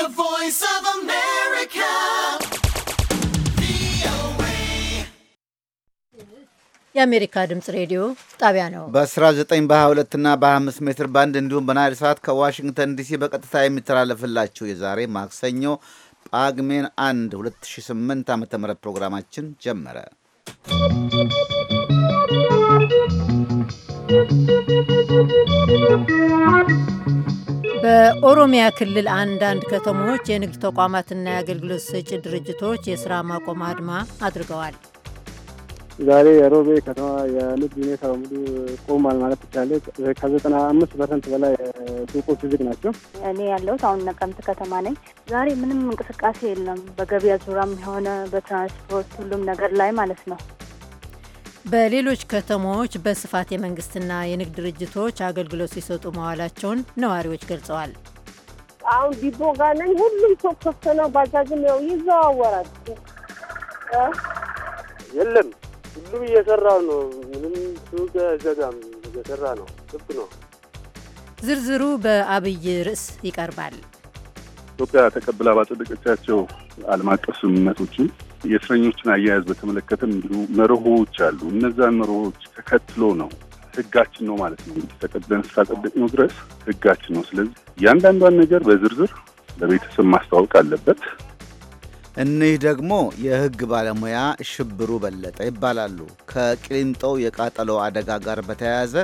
The voice of America. የአሜሪካ ድምፅ ሬዲዮ ጣቢያ ነው። በ19 በ22 እና በ25 ሜትር ባንድ እንዲሁም በናይል ሰዓት ከዋሽንግተን ዲሲ በቀጥታ የሚተላለፍላችሁ የዛሬ ማክሰኞ ጳግሜን 1 2008 ዓ ም ፕሮግራማችን ጀመረ። ¶¶ በኦሮሚያ ክልል አንዳንድ ከተሞች የንግድ ተቋማትና የአገልግሎት ሰጪ ድርጅቶች የስራ ማቆም አድማ አድርገዋል። ዛሬ የሮቤ ከተማ የንግድ ሁኔታ በሙሉ ቆሟል ማለት ይቻላል። ከዘጠና አምስት ፐርሰንት በላይ ሱቆች ዝግ ናቸው። እኔ ያለሁት አሁን ነቀምት ከተማ ነኝ። ዛሬ ምንም እንቅስቃሴ የለም። በገበያ ዙሪያም የሆነ በትራንስፖርት ሁሉም ነገር ላይ ማለት ነው። በሌሎች ከተሞች በስፋት የመንግስትና የንግድ ድርጅቶች አገልግሎት ሲሰጡ መዋላቸውን ነዋሪዎች ገልጸዋል። አሁን ዲቦ ጋር ነኝ። ሁሉም ሰው ክፍት ነው። ባጃጅም ያው ይዘዋወራል። የለም ሁሉም እየሰራ ነው። ምንም ሱቅ ዘጋም እየሰራ ነው። ልብ ነው። ዝርዝሩ በአብይ ርዕስ ይቀርባል። ኢትዮጵያ ተቀብላ ባጸደቀቻቸው ዓለም አቀፍ ስምምነቶችን የእስረኞችን አያያዝ በተመለከተም እንዲሁ መርሆዎች አሉ። እነዛን መርሆዎች ተከትሎ ነው ህጋችን ነው ማለት ነው። ተቀብለን እስካጸደቅ ነው ድረስ ህጋችን ነው። ስለዚህ እያንዳንዷን ነገር በዝርዝር ለቤተሰብ ማስተዋወቅ አለበት። እኒህ ደግሞ የህግ ባለሙያ ሽብሩ በለጠ ይባላሉ። ከቅሊንጦው የቃጠሎ አደጋ ጋር በተያያዘ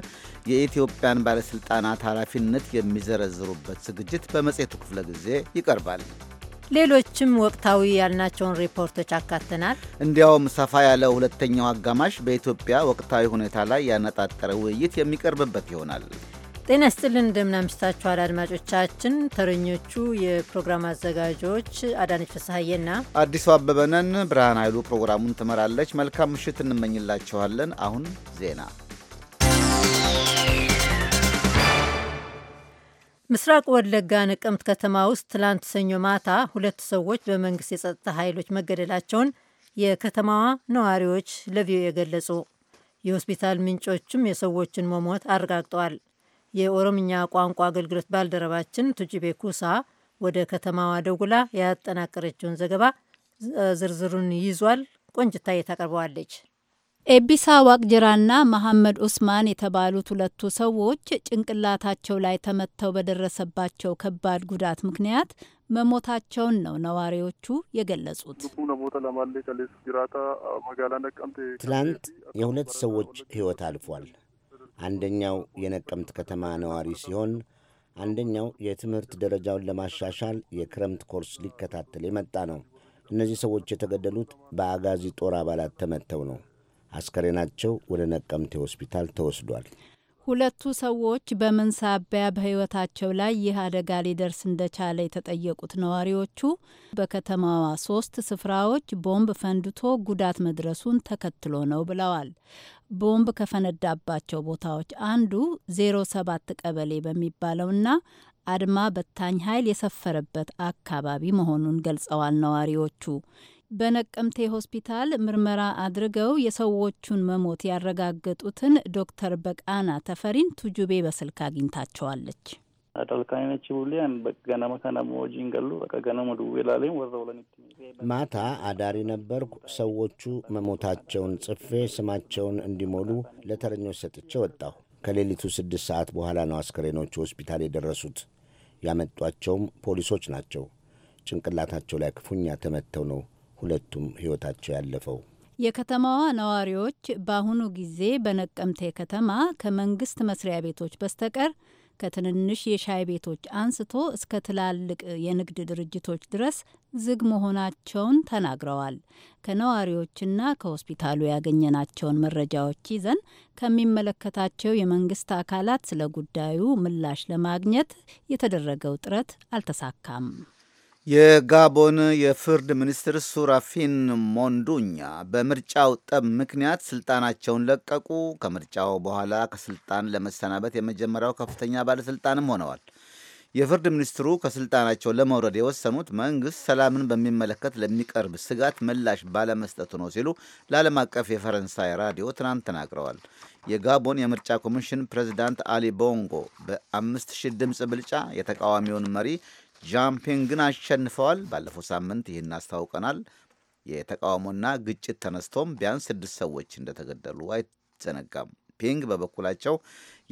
የኢትዮጵያን ባለሥልጣናት ኃላፊነት የሚዘረዝሩበት ዝግጅት በመጽሔቱ ክፍለ ጊዜ ይቀርባል። ሌሎችም ወቅታዊ ያልናቸውን ሪፖርቶች አካተናል። እንዲያውም ሰፋ ያለ ሁለተኛው አጋማሽ በኢትዮጵያ ወቅታዊ ሁኔታ ላይ ያነጣጠረ ውይይት የሚቀርብበት ይሆናል። ጤና ስጥልን፣ እንደምናምሽታችኋል አድማጮቻችን። ተረኞቹ የፕሮግራም አዘጋጆች አዳነች ፍስሐዬና አዲሱ አበበነን። ብርሃን ኃይሉ ፕሮግራሙን ትመራለች። መልካም ምሽት እንመኝላችኋለን። አሁን ዜና ምስራቅ ወለጋ ነቀምት ከተማ ውስጥ ትላንት ሰኞ ማታ ሁለት ሰዎች በመንግስት የጸጥታ ኃይሎች መገደላቸውን የከተማዋ ነዋሪዎች ለቪኦኤ የገለጹ። የሆስፒታል ምንጮችም የሰዎችን መሞት አረጋግጠዋል። የኦሮምኛ ቋንቋ አገልግሎት ባልደረባችን ቱጂቤ ኩሳ ወደ ከተማዋ ደውላ ያጠናቀረችውን ዘገባ ዝርዝሩን ይዟል። ቆንጅታ ታቀርበዋለች። ኤቢሳ ዋቅጅራና መሐመድ ኡስማን የተባሉት ሁለቱ ሰዎች ጭንቅላታቸው ላይ ተመተው በደረሰባቸው ከባድ ጉዳት ምክንያት መሞታቸውን ነው ነዋሪዎቹ የገለጹት። ትላንት የሁለት ሰዎች ሕይወት አልፏል። አንደኛው የነቀምት ከተማ ነዋሪ ሲሆን አንደኛው የትምህርት ደረጃውን ለማሻሻል የክረምት ኮርስ ሊከታተል የመጣ ነው። እነዚህ ሰዎች የተገደሉት በአጋዚ ጦር አባላት ተመተው ነው። አስከሬናቸው ወደ ነቀምቴ ሆስፒታል ተወስዷል። ሁለቱ ሰዎች በምን ሳቢያ በሕይወታቸው ላይ ይህ አደጋ ሊደርስ እንደቻለ የተጠየቁት ነዋሪዎቹ በከተማዋ ሶስት ስፍራዎች ቦምብ ፈንድቶ ጉዳት መድረሱን ተከትሎ ነው ብለዋል። ቦምብ ከፈነዳባቸው ቦታዎች አንዱ 07 ቀበሌ በሚባለውና አድማ በታኝ ኃይል የሰፈረበት አካባቢ መሆኑን ገልጸዋል ነዋሪዎቹ። በነቀምቴ ሆስፒታል ምርመራ አድርገው የሰዎቹን መሞት ያረጋገጡትን ዶክተር በቃና ተፈሪን ቱጁቤ በስልክ አግኝታቸዋለች። ማታ አዳሪ ነበርኩ። ሰዎቹ መሞታቸውን ጽፌ ስማቸውን እንዲሞሉ ለተረኞች ሰጥቼ ወጣሁ። ከሌሊቱ ስድስት ሰዓት በኋላ ነው አስከሬኖቹ ሆስፒታል የደረሱት። ያመጧቸውም ፖሊሶች ናቸው። ጭንቅላታቸው ላይ ክፉኛ ተመተው ነው ሁለቱም ሕይወታቸው ያለፈው። የከተማዋ ነዋሪዎች በአሁኑ ጊዜ በነቀምቴ ከተማ ከመንግስት መስሪያ ቤቶች በስተቀር ከትንንሽ የሻይ ቤቶች አንስቶ እስከ ትላልቅ የንግድ ድርጅቶች ድረስ ዝግ መሆናቸውን ተናግረዋል። ከነዋሪዎችና ከሆስፒታሉ ያገኘናቸውን መረጃዎች ይዘን ከሚመለከታቸው የመንግስት አካላት ስለ ጉዳዩ ምላሽ ለማግኘት የተደረገው ጥረት አልተሳካም። የጋቦን የፍርድ ሚኒስትር ሱራፊን ሞንዱኛ በምርጫው ጠብ ምክንያት ስልጣናቸውን ለቀቁ። ከምርጫው በኋላ ከስልጣን ለመሰናበት የመጀመሪያው ከፍተኛ ባለስልጣንም ሆነዋል። የፍርድ ሚኒስትሩ ከስልጣናቸው ለመውረድ የወሰኑት መንግስት ሰላምን በሚመለከት ለሚቀርብ ስጋት ምላሽ ባለመስጠቱ ነው ሲሉ ለዓለም አቀፍ የፈረንሳይ ራዲዮ ትናንት ተናግረዋል። የጋቦን የምርጫ ኮሚሽን ፕሬዚዳንት አሊ ቦንጎ በአምስት ሺህ ድምፅ ብልጫ የተቃዋሚውን መሪ ዣምፒንግን አሸንፈዋል። ባለፈው ሳምንት ይህን አስታውቀናል። የተቃውሞና ግጭት ተነስቶም ቢያንስ ስድስት ሰዎች እንደተገደሉ አይዘነጋም። ፒንግ በበኩላቸው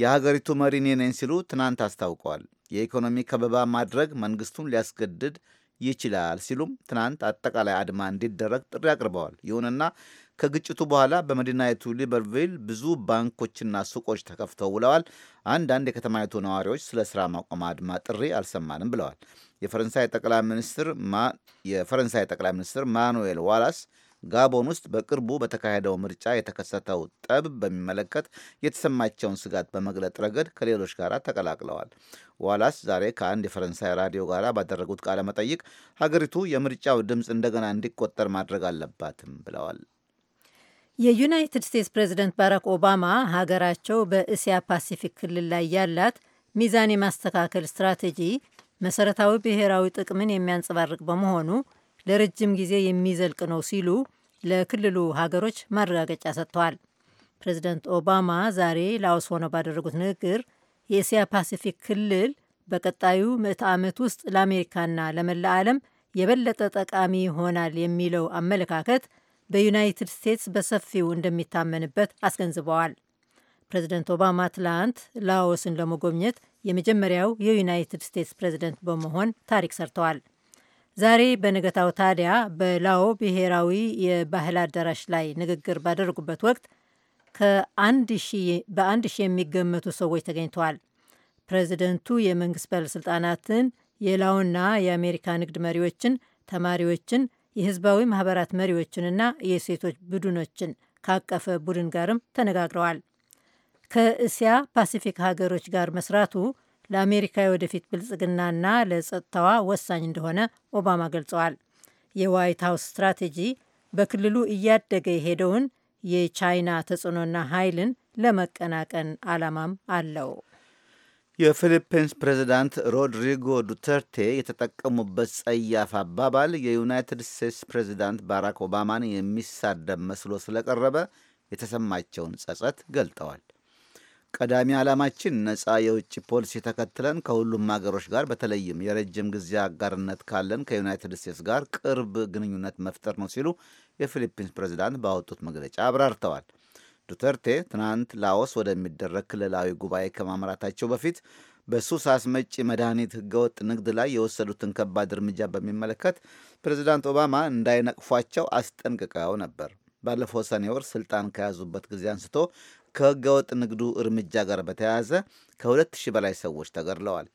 የሀገሪቱ መሪ እኔ ነኝ ሲሉ ትናንት አስታውቀዋል። የኢኮኖሚ ከበባ ማድረግ መንግስቱን ሊያስገድድ ይችላል ሲሉም ትናንት አጠቃላይ አድማ እንዲደረግ ጥሪ አቅርበዋል። ይሁንና ከግጭቱ በኋላ በመዲናይቱ ሊበርቪል ብዙ ባንኮችና ሱቆች ተከፍተው ውለዋል። አንዳንድ የከተማይቱ ነዋሪዎች ስለ ስራ ማቆም አድማ ጥሪ አልሰማንም ብለዋል። የፈረንሳይ ጠቅላይ ሚኒስትር የፈረንሳይ ጠቅላይ ሚኒስትር ማኑኤል ዋላስ ጋቦን ውስጥ በቅርቡ በተካሄደው ምርጫ የተከሰተው ጠብ በሚመለከት የተሰማቸውን ስጋት በመግለጥ ረገድ ከሌሎች ጋር ተቀላቅለዋል። ዋላስ ዛሬ ከአንድ የፈረንሳይ ራዲዮ ጋር ባደረጉት ቃለ መጠይቅ ሀገሪቱ የምርጫው ድምፅ እንደገና እንዲቆጠር ማድረግ አለባትም ብለዋል። የዩናይትድ ስቴትስ ፕሬዚደንት ባራክ ኦባማ ሀገራቸው በእስያ ፓሲፊክ ክልል ላይ ያላት ሚዛን የማስተካከል ስትራቴጂ መሰረታዊ ብሔራዊ ጥቅምን የሚያንጸባርቅ በመሆኑ ለረጅም ጊዜ የሚዘልቅ ነው ሲሉ ለክልሉ ሀገሮች ማረጋገጫ ሰጥተዋል። ፕሬዚደንት ኦባማ ዛሬ ላውስ ሆነው ባደረጉት ንግግር የእስያ ፓሲፊክ ክልል በቀጣዩ ምዕተ ዓመት ውስጥ ለአሜሪካና ለመላ ዓለም የበለጠ ጠቃሚ ይሆናል የሚለው አመለካከት በዩናይትድ ስቴትስ በሰፊው እንደሚታመንበት አስገንዝበዋል። ፕሬዚደንት ኦባማ ትላንት ላኦስን ለመጎብኘት የመጀመሪያው የዩናይትድ ስቴትስ ፕሬዚደንት በመሆን ታሪክ ሰርተዋል። ዛሬ በነገታው ታዲያ በላኦ ብሔራዊ የባህል አዳራሽ ላይ ንግግር ባደረጉበት ወቅት በአንድ ሺህ የሚገመቱ ሰዎች ተገኝተዋል። ፕሬዚደንቱ የመንግስት ባለሥልጣናትን፣ የላኦና የአሜሪካ ንግድ መሪዎችን፣ ተማሪዎችን የህዝባዊ ማህበራት መሪዎችንና የሴቶች ቡድኖችን ካቀፈ ቡድን ጋርም ተነጋግረዋል። ከእስያ ፓሲፊክ ሀገሮች ጋር መስራቱ ለአሜሪካ የወደፊት ብልጽግናና ለጸጥታዋ ወሳኝ እንደሆነ ኦባማ ገልጸዋል። የዋይት ሀውስ ስትራቴጂ በክልሉ እያደገ የሄደውን የቻይና ተጽዕኖና ኃይልን ለመቀናቀን ዓላማም አለው። የፊሊፒንስ ፕሬዝዳንት ሮድሪጎ ዱተርቴ የተጠቀሙበት ጸያፍ አባባል የዩናይትድ ስቴትስ ፕሬዝዳንት ባራክ ኦባማን የሚሳደብ መስሎ ስለቀረበ የተሰማቸውን ጸጸት ገልጠዋል። ቀዳሚ ዓላማችን ነፃ የውጭ ፖሊሲ ተከትለን ከሁሉም ሀገሮች ጋር በተለይም የረጅም ጊዜ አጋርነት ካለን ከዩናይትድ ስቴትስ ጋር ቅርብ ግንኙነት መፍጠር ነው ሲሉ የፊሊፒንስ ፕሬዝዳንት ባወጡት መግለጫ አብራርተዋል። ዱተርቴ ትናንት ላኦስ ወደሚደረግ ክልላዊ ጉባኤ ከማምራታቸው በፊት በሱስ አስመጪ መድኃኒት ህገወጥ ንግድ ላይ የወሰዱትን ከባድ እርምጃ በሚመለከት ፕሬዚዳንት ኦባማ እንዳይነቅፏቸው አስጠንቅቀው ነበር። ባለፈው ሰኔ ወር ስልጣን ከያዙበት ጊዜ አንስቶ ከህገወጥ ንግዱ እርምጃ ጋር በተያያዘ ከ2 በላይ ሰዎች ተገድለዋል።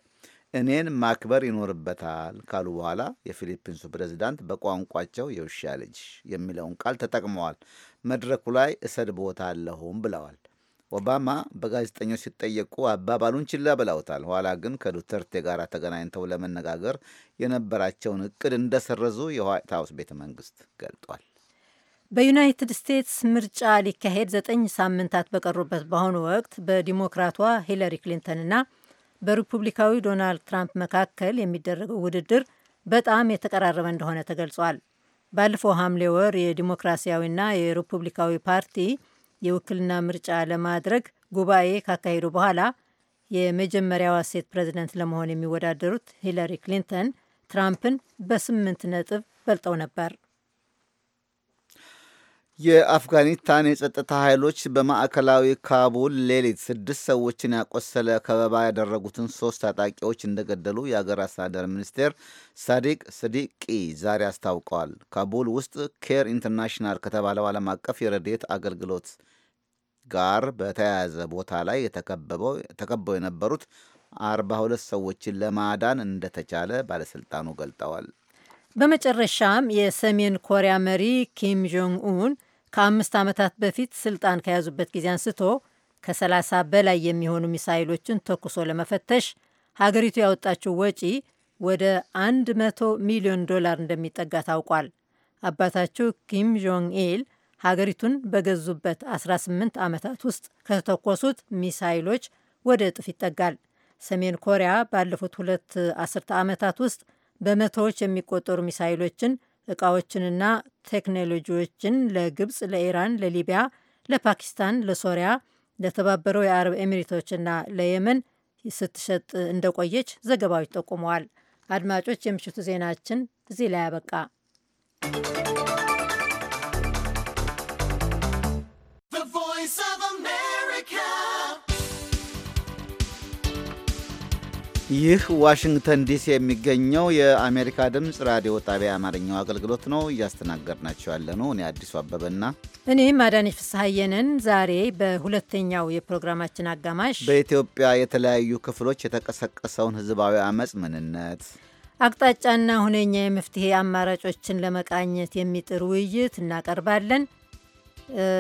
እኔን ማክበር ይኖርበታል ካሉ በኋላ የፊሊፒንሱ ፕሬዚዳንት በቋንቋቸው የውሻ ልጅ የሚለውን ቃል ተጠቅመዋል። መድረኩ ላይ አለሁም ብለዋል። ኦባማ በጋዜጠኞች ሲጠየቁ አባባሉን ችላ ብለውታል። ኋላ ግን ከዱተርቴ ጋር ተገናኝተው ለመነጋገር የነበራቸውን እቅድ እንደሰረዙ የዋይት ሀውስ ቤተ መንግስት ገልጧል። በዩናይትድ ስቴትስ ምርጫ ሊካሄድ ዘጠኝ ሳምንታት በቀሩበት በአሁኑ ወቅት በዲሞክራቷ ሂለሪ ክሊንተንና በሪፑብሊካዊ ዶናልድ ትራምፕ መካከል የሚደረገው ውድድር በጣም የተቀራረበ እንደሆነ ተገልጿል። ባለፈው ሐምሌ ወር የዲሞክራሲያዊና የሪፑብሊካዊ ፓርቲ የውክልና ምርጫ ለማድረግ ጉባኤ ካካሄዱ በኋላ የመጀመሪያዋ ሴት ፕሬዝደንት ለመሆን የሚወዳደሩት ሂለሪ ክሊንተን ትራምፕን በስምንት ነጥብ በልጠው ነበር። የአፍጋኒስታን የጸጥታ ኃይሎች በማዕከላዊ ካቡል ሌሊት ስድስት ሰዎችን ያቆሰለ ከበባ ያደረጉትን ሶስት ታጣቂዎች እንደገደሉ የአገር አስተዳደር ሚኒስቴር ሳዲቅ ስዲቂ ዛሬ አስታውቀዋል። ካቡል ውስጥ ኬር ኢንተርናሽናል ከተባለው ዓለም አቀፍ የረድኤት አገልግሎት ጋር በተያያዘ ቦታ ላይ ተከበው የነበሩት አርባ ሁለት ሰዎችን ለማዳን እንደተቻለ ባለሥልጣኑ ገልጠዋል። በመጨረሻም የሰሜን ኮሪያ መሪ ኪም ጆንግ ኡን ከአምስት ዓመታት በፊት ስልጣን ከያዙበት ጊዜ አንስቶ ከ30 በላይ የሚሆኑ ሚሳይሎችን ተኩሶ ለመፈተሽ ሀገሪቱ ያወጣችው ወጪ ወደ 100 ሚሊዮን ዶላር እንደሚጠጋ ታውቋል። አባታቸው ኪም ጆንግ ኢል ሀገሪቱን በገዙበት 18 ዓመታት ውስጥ ከተተኮሱት ሚሳይሎች ወደ እጥፍ ይጠጋል። ሰሜን ኮሪያ ባለፉት ሁለት አስርተ ዓመታት ውስጥ በመቶዎች የሚቆጠሩ ሚሳይሎችን እቃዎችንና ቴክኖሎጂዎችን ለግብፅ፣ ለኢራን፣ ለሊቢያ፣ ለፓኪስታን፣ ለሶሪያ፣ ለተባበረው የአረብ ኤሚሬቶችና ለየመን ስትሸጥ እንደቆየች ዘገባዎች ጠቁመዋል። አድማጮች፣ የምሽቱ ዜናችን እዚህ ላይ you. ይህ ዋሽንግተን ዲሲ የሚገኘው የአሜሪካ ድምፅ ራዲዮ ጣቢያ የአማርኛው አገልግሎት ነው። ናቸው ያለ ነው እኔ አዲሱ አበበና እኔም አዳኒ ፍስሐየንን። ዛሬ በሁለተኛው የፕሮግራማችን አጋማሽ በኢትዮጵያ የተለያዩ ክፍሎች የተቀሰቀሰውን ህዝባዊ አመፅ ምንነት፣ አቅጣጫና ሁነኛ የመፍትሄ አማራጮችን ለመቃኘት የሚጥር ውይይት እናቀርባለን።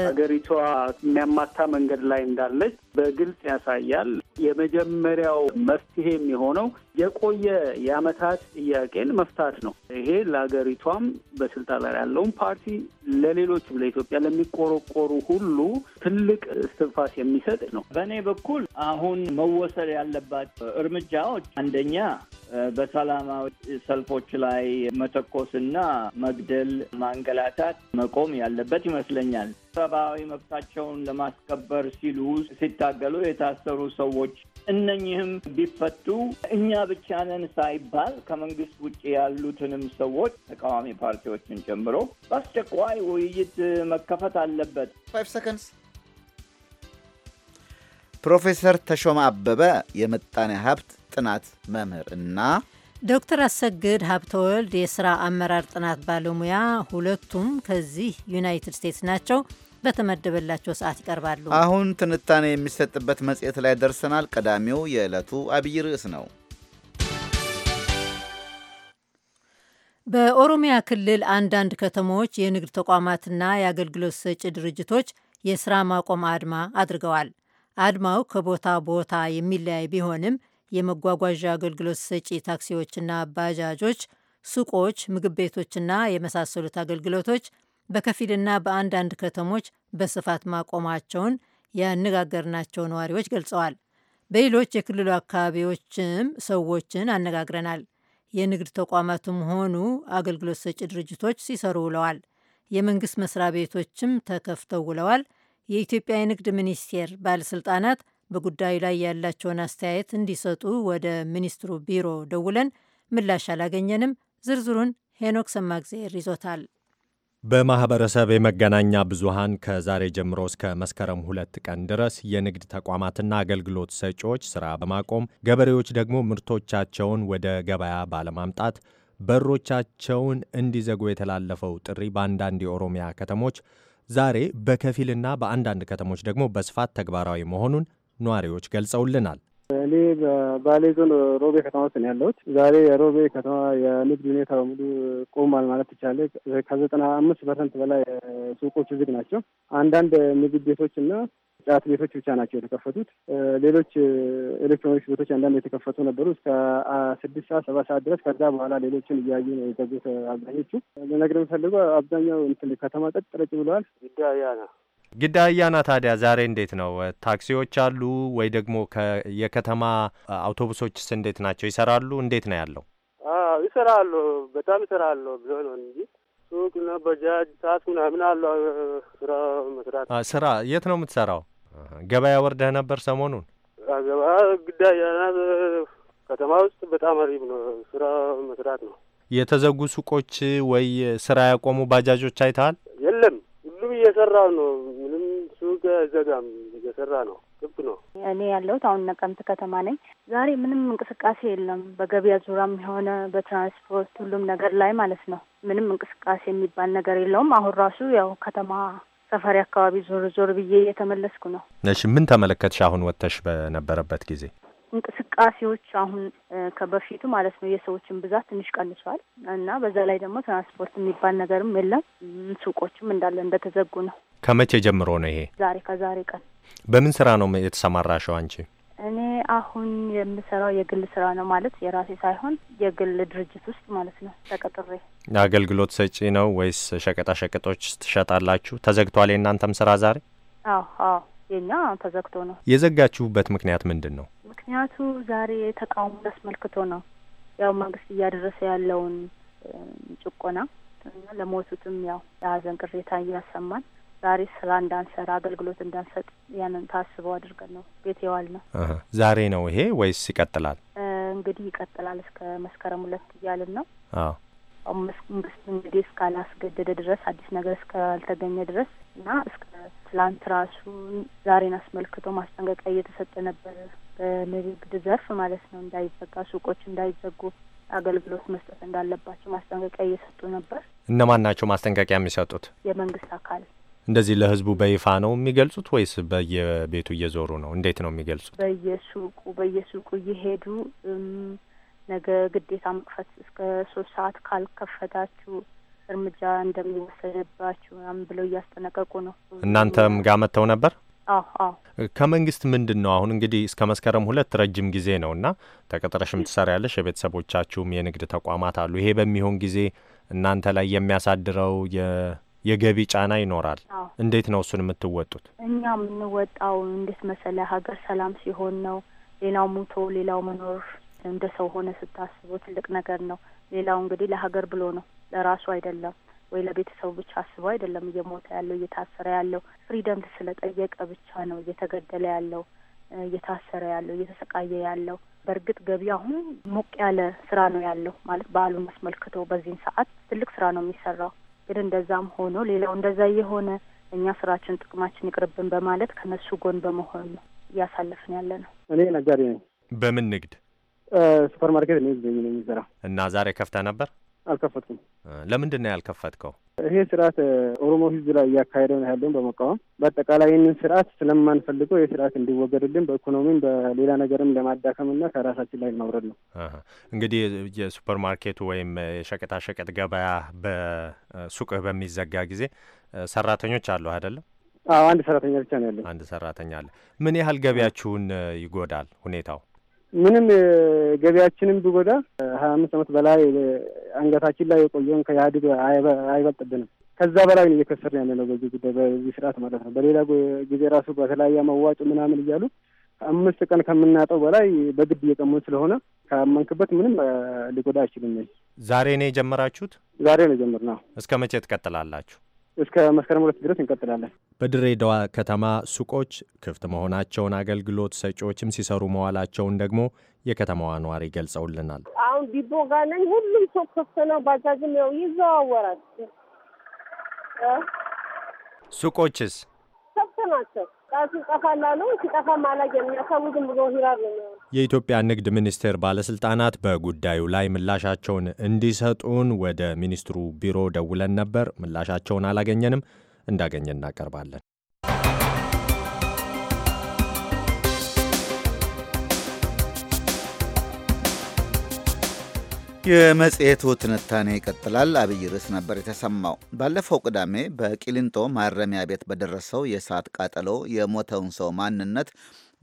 ሀገሪቷ የሚያማታ መንገድ ላይ እንዳለች በግልጽ ያሳያል። የመጀመሪያው መፍትሄ የሚሆነው የቆየ የአመታት ጥያቄን መፍታት ነው። ይሄ ለሀገሪቷም በስልጣን ላይ ያለውን ፓርቲ ለሌሎችም ለኢትዮጵያ ለሚቆረቆሩ ሁሉ ትልቅ እስትንፋስ የሚሰጥ ነው። በእኔ በኩል አሁን መወሰድ ያለባት እርምጃዎች አንደኛ በሰላማዊ ሰልፎች ላይ መተኮስና መግደል፣ ማንገላታት መቆም ያለበት ይመስለኛል። ሰብአዊ መብታቸውን ለማስከበር ሲሉ ሲታገሉ የታሰሩ ሰዎች እነኚህም ቢፈቱ እኛ ብቻ ነን ሳይባል ከመንግስት ውጭ ያሉትንም ሰዎች ተቃዋሚ ፓርቲዎችን ጨምሮ በአስቸኳይ ውይይት መከፈት አለበት። ፕሮፌሰር ተሾመ አበበ የምጣኔ ሀብት ጥናት መምህር እና ዶክተር አሰግድ ሀብተወልድ የስራ አመራር ጥናት ባለሙያ ሁለቱም ከዚህ ዩናይትድ ስቴትስ ናቸው። በተመደበላቸው ሰዓት ይቀርባሉ። አሁን ትንታኔ የሚሰጥበት መጽሔት ላይ ደርሰናል። ቀዳሚው የዕለቱ አብይ ርዕስ ነው። በኦሮሚያ ክልል አንዳንድ ከተሞች የንግድ ተቋማትና የአገልግሎት ሰጪ ድርጅቶች የስራ ማቆም አድማ አድርገዋል። አድማው ከቦታ ቦታ የሚለያይ ቢሆንም የመጓጓዣ አገልግሎት ሰጪ ታክሲዎችና ባጃጆች፣ ሱቆች፣ ምግብ ቤቶችና የመሳሰሉት አገልግሎቶች በከፊልና በአንዳንድ ከተሞች በስፋት ማቆማቸውን ያነጋገርናቸው ነዋሪዎች ገልጸዋል። በሌሎች የክልሉ አካባቢዎችም ሰዎችን አነጋግረናል። የንግድ ተቋማትም ሆኑ አገልግሎት ሰጪ ድርጅቶች ሲሰሩ ውለዋል። የመንግስት መስሪያ ቤቶችም ተከፍተው ውለዋል። የኢትዮጵያ የንግድ ሚኒስቴር ባለስልጣናት በጉዳዩ ላይ ያላቸውን አስተያየት እንዲሰጡ ወደ ሚኒስትሩ ቢሮ ደውለን ምላሽ አላገኘንም። ዝርዝሩን ሄኖክ ሰማግዜር ይዞታል። በማህበረሰብ የመገናኛ ብዙሃን ከዛሬ ጀምሮ እስከ መስከረም ሁለት ቀን ድረስ የንግድ ተቋማትና አገልግሎት ሰጪዎች ስራ በማቆም ገበሬዎች ደግሞ ምርቶቻቸውን ወደ ገበያ ባለማምጣት በሮቻቸውን እንዲዘጉ የተላለፈው ጥሪ በአንዳንድ የኦሮሚያ ከተሞች ዛሬ በከፊልና በአንዳንድ ከተሞች ደግሞ በስፋት ተግባራዊ መሆኑን ነዋሪዎች ገልጸውልናል። እኔ በባሌ ዞን ሮቤ ከተማ ውስጥ ነው ያለሁት። ዛሬ የሮቤ ከተማ የንግድ ሁኔታ በሙሉ ቆሟል ማለት ይቻላል። ከዘጠና አምስት ፐርሰንት በላይ ሱቆች ዝግ ናቸው። አንዳንድ ምግብ ቤቶች እና ጫት ቤቶች ብቻ ናቸው የተከፈቱት። ሌሎች ኤሌክትሮኒክስ ቤቶች አንዳንድ የተከፈቱ ነበሩ እስከ ስድስት ሰዓት ሰባት ሰዓት ድረስ። ከዛ በኋላ ሌሎችን እያዩ ነው የዘጉት። አብዛኞቹ ልነግርህ የምፈልገው አብዛኛው ከተማ ጠጥ ረጭ ብለዋል። ግዳያና ታዲያ ዛሬ እንዴት ነው? ታክሲዎች አሉ ወይ? ደግሞ የከተማ አውቶቡሶችስ እንዴት ናቸው? ይሰራሉ? እንዴት ነው ያለው? ይሰራሉ፣ በጣም ይሰራሉ ብሎ ነው እንጂ ሱቅና በጃጅ ሳት ምናምን አለ ስራ መስራት። ስራ የት ነው የምትሰራው? ገበያ ወርደህ ነበር ሰሞኑን? ገበያ ግዳያና ከተማ ውስጥ በጣም አሪፍ ነው ስራ መስራት ነው። የተዘጉ ሱቆች ወይ ስራ ያቆሙ ባጃጆች አይተሃል? እየሰራ ነው። ምንም ሱቅ አይዘጋም፣ እየሰራ ነው። ግብ ነው። እኔ ያለሁት አሁን ነቀምት ከተማ ነኝ። ዛሬ ምንም እንቅስቃሴ የለም። በገበያ ዙሪያም የሆነ በትራንስፖርት ሁሉም ነገር ላይ ማለት ነው። ምንም እንቅስቃሴ የሚባል ነገር የለውም። አሁን ራሱ ያው ከተማ ሰፈሪ አካባቢ ዞር ዞር ብዬ እየተመለስኩ ነው። እሺ ምን ተመለከትሽ? አሁን ወጥተሽ በነበረበት ጊዜ እንቅስቃሴዎች አሁን ከበፊቱ ማለት ነው የሰዎችን ብዛት ትንሽ ቀንሷል እና በዛ ላይ ደግሞ ትራንስፖርት የሚባል ነገርም የለም። ሱቆችም እንዳለ እንደተዘጉ ነው። ከመቼ ጀምሮ ነው ይሄ? ዛሬ ከዛሬ ቀን። በምን ስራ ነው የተሰማራሸው አንቺ? እኔ አሁን የምሰራው የግል ስራ ነው ማለት የራሴ ሳይሆን የግል ድርጅት ውስጥ ማለት ነው ተቀጥሬ። አገልግሎት ሰጪ ነው ወይስ ሸቀጣሸቀጦች ትሸጣላችሁ? ተዘግቷል የእናንተም ስራ ዛሬ? አዎ አዎ የኛ ተዘግቶ ነው። የዘጋችሁበት ምክንያት ምንድን ነው? ምክንያቱ ዛሬ ተቃውሞን አስመልክቶ ነው። ያው መንግስት እያደረሰ ያለውን ጭቆና እና ለሞቱትም ያው የሀዘን ቅሬታ እያሰማን ዛሬ ስራ እንዳንሰራ አገልግሎት እንዳንሰጥ ያንን ታስበው አድርገን ነው ቤት የዋል ነው። ዛሬ ነው ይሄ ወይስ ይቀጥላል? እንግዲህ ይቀጥላል እስከ መስከረም ሁለት እያልን ነው። መንግስት እንግዲህ እስካላስገደደ ድረስ አዲስ ነገር እስካልተገኘ ድረስ እና እስከ ትላንት ራሱ ዛሬን አስመልክቶ ማስጠንቀቂያ እየተሰጠ ነበር፣ በንግድ ዘርፍ ማለት ነው። እንዳይዘጋ ሱቆች እንዳይዘጉ አገልግሎት መስጠት እንዳለባቸው ማስጠንቀቂያ እየሰጡ ነበር። እነማን ናቸው ማስጠንቀቂያ የሚሰጡት? የመንግስት አካል እንደዚህ ለህዝቡ በይፋ ነው የሚገልጹት ወይስ በየቤቱ እየዞሩ ነው? እንዴት ነው የሚገልጹት? በየሱቁ በየሱቁ እየሄዱ ነገ ግዴታ መክፈት እስከ ሶስት ሰዓት ካልከፈታችሁ እርምጃ እንደሚወሰድባቸው ምናምን ብለው እያስጠነቀቁ ነው። እናንተም ጋር መጥተው ነበር? አዎ አዎ። ከመንግስት ምንድን ነው አሁን እንግዲህ እስከ መስከረም ሁለት ረጅም ጊዜ ነው እና ተቀጥረሽም ትሰሪያለሽ፣ የቤተሰቦቻችሁም የንግድ ተቋማት አሉ። ይሄ በሚሆን ጊዜ እናንተ ላይ የሚያሳድረው የገቢ ጫና ይኖራል። እንዴት ነው እሱን የምትወጡት? እኛ የምንወጣው እንዴት መሰለ፣ ሀገር ሰላም ሲሆን ነው። ሌላው ሙቶ ሌላው መኖር እንደ ሰው ሆነ ስታስበው ትልቅ ነገር ነው። ሌላው እንግዲህ ለሀገር ብሎ ነው ለራሱ አይደለም ወይ ለቤተሰቡ ብቻ አስበው አይደለም እየሞተ ያለው እየታሰረ ያለው ፍሪደም ስለጠየቀ ብቻ ነው እየተገደለ ያለው እየታሰረ ያለው እየተሰቃየ ያለው። በእርግጥ ገቢ አሁን ሞቅ ያለ ስራ ነው ያለው ማለት በዓሉን አስመልክቶ በዚህን ሰዓት ትልቅ ስራ ነው የሚሰራው። ግን እንደዛም ሆኖ ሌላው እንደዛ የሆነ እኛ ስራችን ጥቅማችን ይቅርብን በማለት ከነሱ ጎን በመሆን ነው እያሳለፍን ያለ ነው። እኔ ነጋዴ ነኝ። በምን ንግድ? ሱፐር ማርኬት ነው ይዘኝ ነው እና ዛሬ ከፍተ ነበር? አልከፈትኩም። ለምንድን ነው ያልከፈትከው? ይሄ ስርዓት ኦሮሞ ህዝብ ላይ እያካሄደው ነው ያለውን በመቃወም በአጠቃላይ ይህንን ስርዓት ስለማንፈልገው ይህ ስርዓት እንዲወገድልን በኢኮኖሚም በሌላ ነገርም ለማዳከምና ከራሳችን ላይ ማውረድ ነው። እንግዲህ የሱፐር ማርኬቱ ወይም የሸቀጣሸቀጥ ገበያ በሱቅህ በሚዘጋ ጊዜ ሰራተኞች አሉ አይደለም? አዎ አንድ ሰራተኛ ብቻ ነው ያለ። አንድ ሰራተኛ አለ። ምን ያህል ገበያችሁን ይጎዳል ሁኔታው? ምንም ገቢያችንም ቢጎዳ ሀያ አምስት አመት በላይ አንገታችን ላይ የቆየውን ከኢህአዴግ አይበልጥብንም። ከዛ በላይ ነው እየከሰርን ያለ ነው በዚህ ጉዳይ በዚህ ስርዓት ማለት ነው። በሌላ ጊዜ ራሱ በተለያየ መዋጮ ምናምን እያሉ አምስት ቀን ከምናጠው በላይ በግድ እየቀሙን ስለሆነ ካመንክበት ምንም ሊጎዳ አይችልም። ዛሬ ነው የጀመራችሁት? ዛሬ ነው የጀመርነው። እስከ መቼ ትቀጥላላችሁ? እስከ መስከረም ሁለት ድረስ እንቀጥላለን። በድሬዳዋ ከተማ ሱቆች ክፍት መሆናቸውን አገልግሎት ሰጪዎችም ሲሰሩ መዋላቸውን ደግሞ የከተማዋ ነዋሪ ገልጸውልናል። አሁን ዲቦ ጋር ነኝ። ሁሉም ሱቅ ክፍት ነው። ባጃጅም ያው ይዘዋወራል። ሱቆችስ ክፍት ናቸው። ሲጠፋ ማላጅ ዝም ብሎ የኢትዮጵያ ንግድ ሚኒስቴር ባለስልጣናት በጉዳዩ ላይ ምላሻቸውን እንዲሰጡን ወደ ሚኒስትሩ ቢሮ ደውለን ነበር። ምላሻቸውን አላገኘንም። እንዳገኘ እናቀርባለን። የመጽሔቱ ትንታኔ ይቀጥላል። አብይ ርዕስ ነበር የተሰማው። ባለፈው ቅዳሜ በቂሊንጦ ማረሚያ ቤት በደረሰው የእሳት ቃጠሎ የሞተውን ሰው ማንነት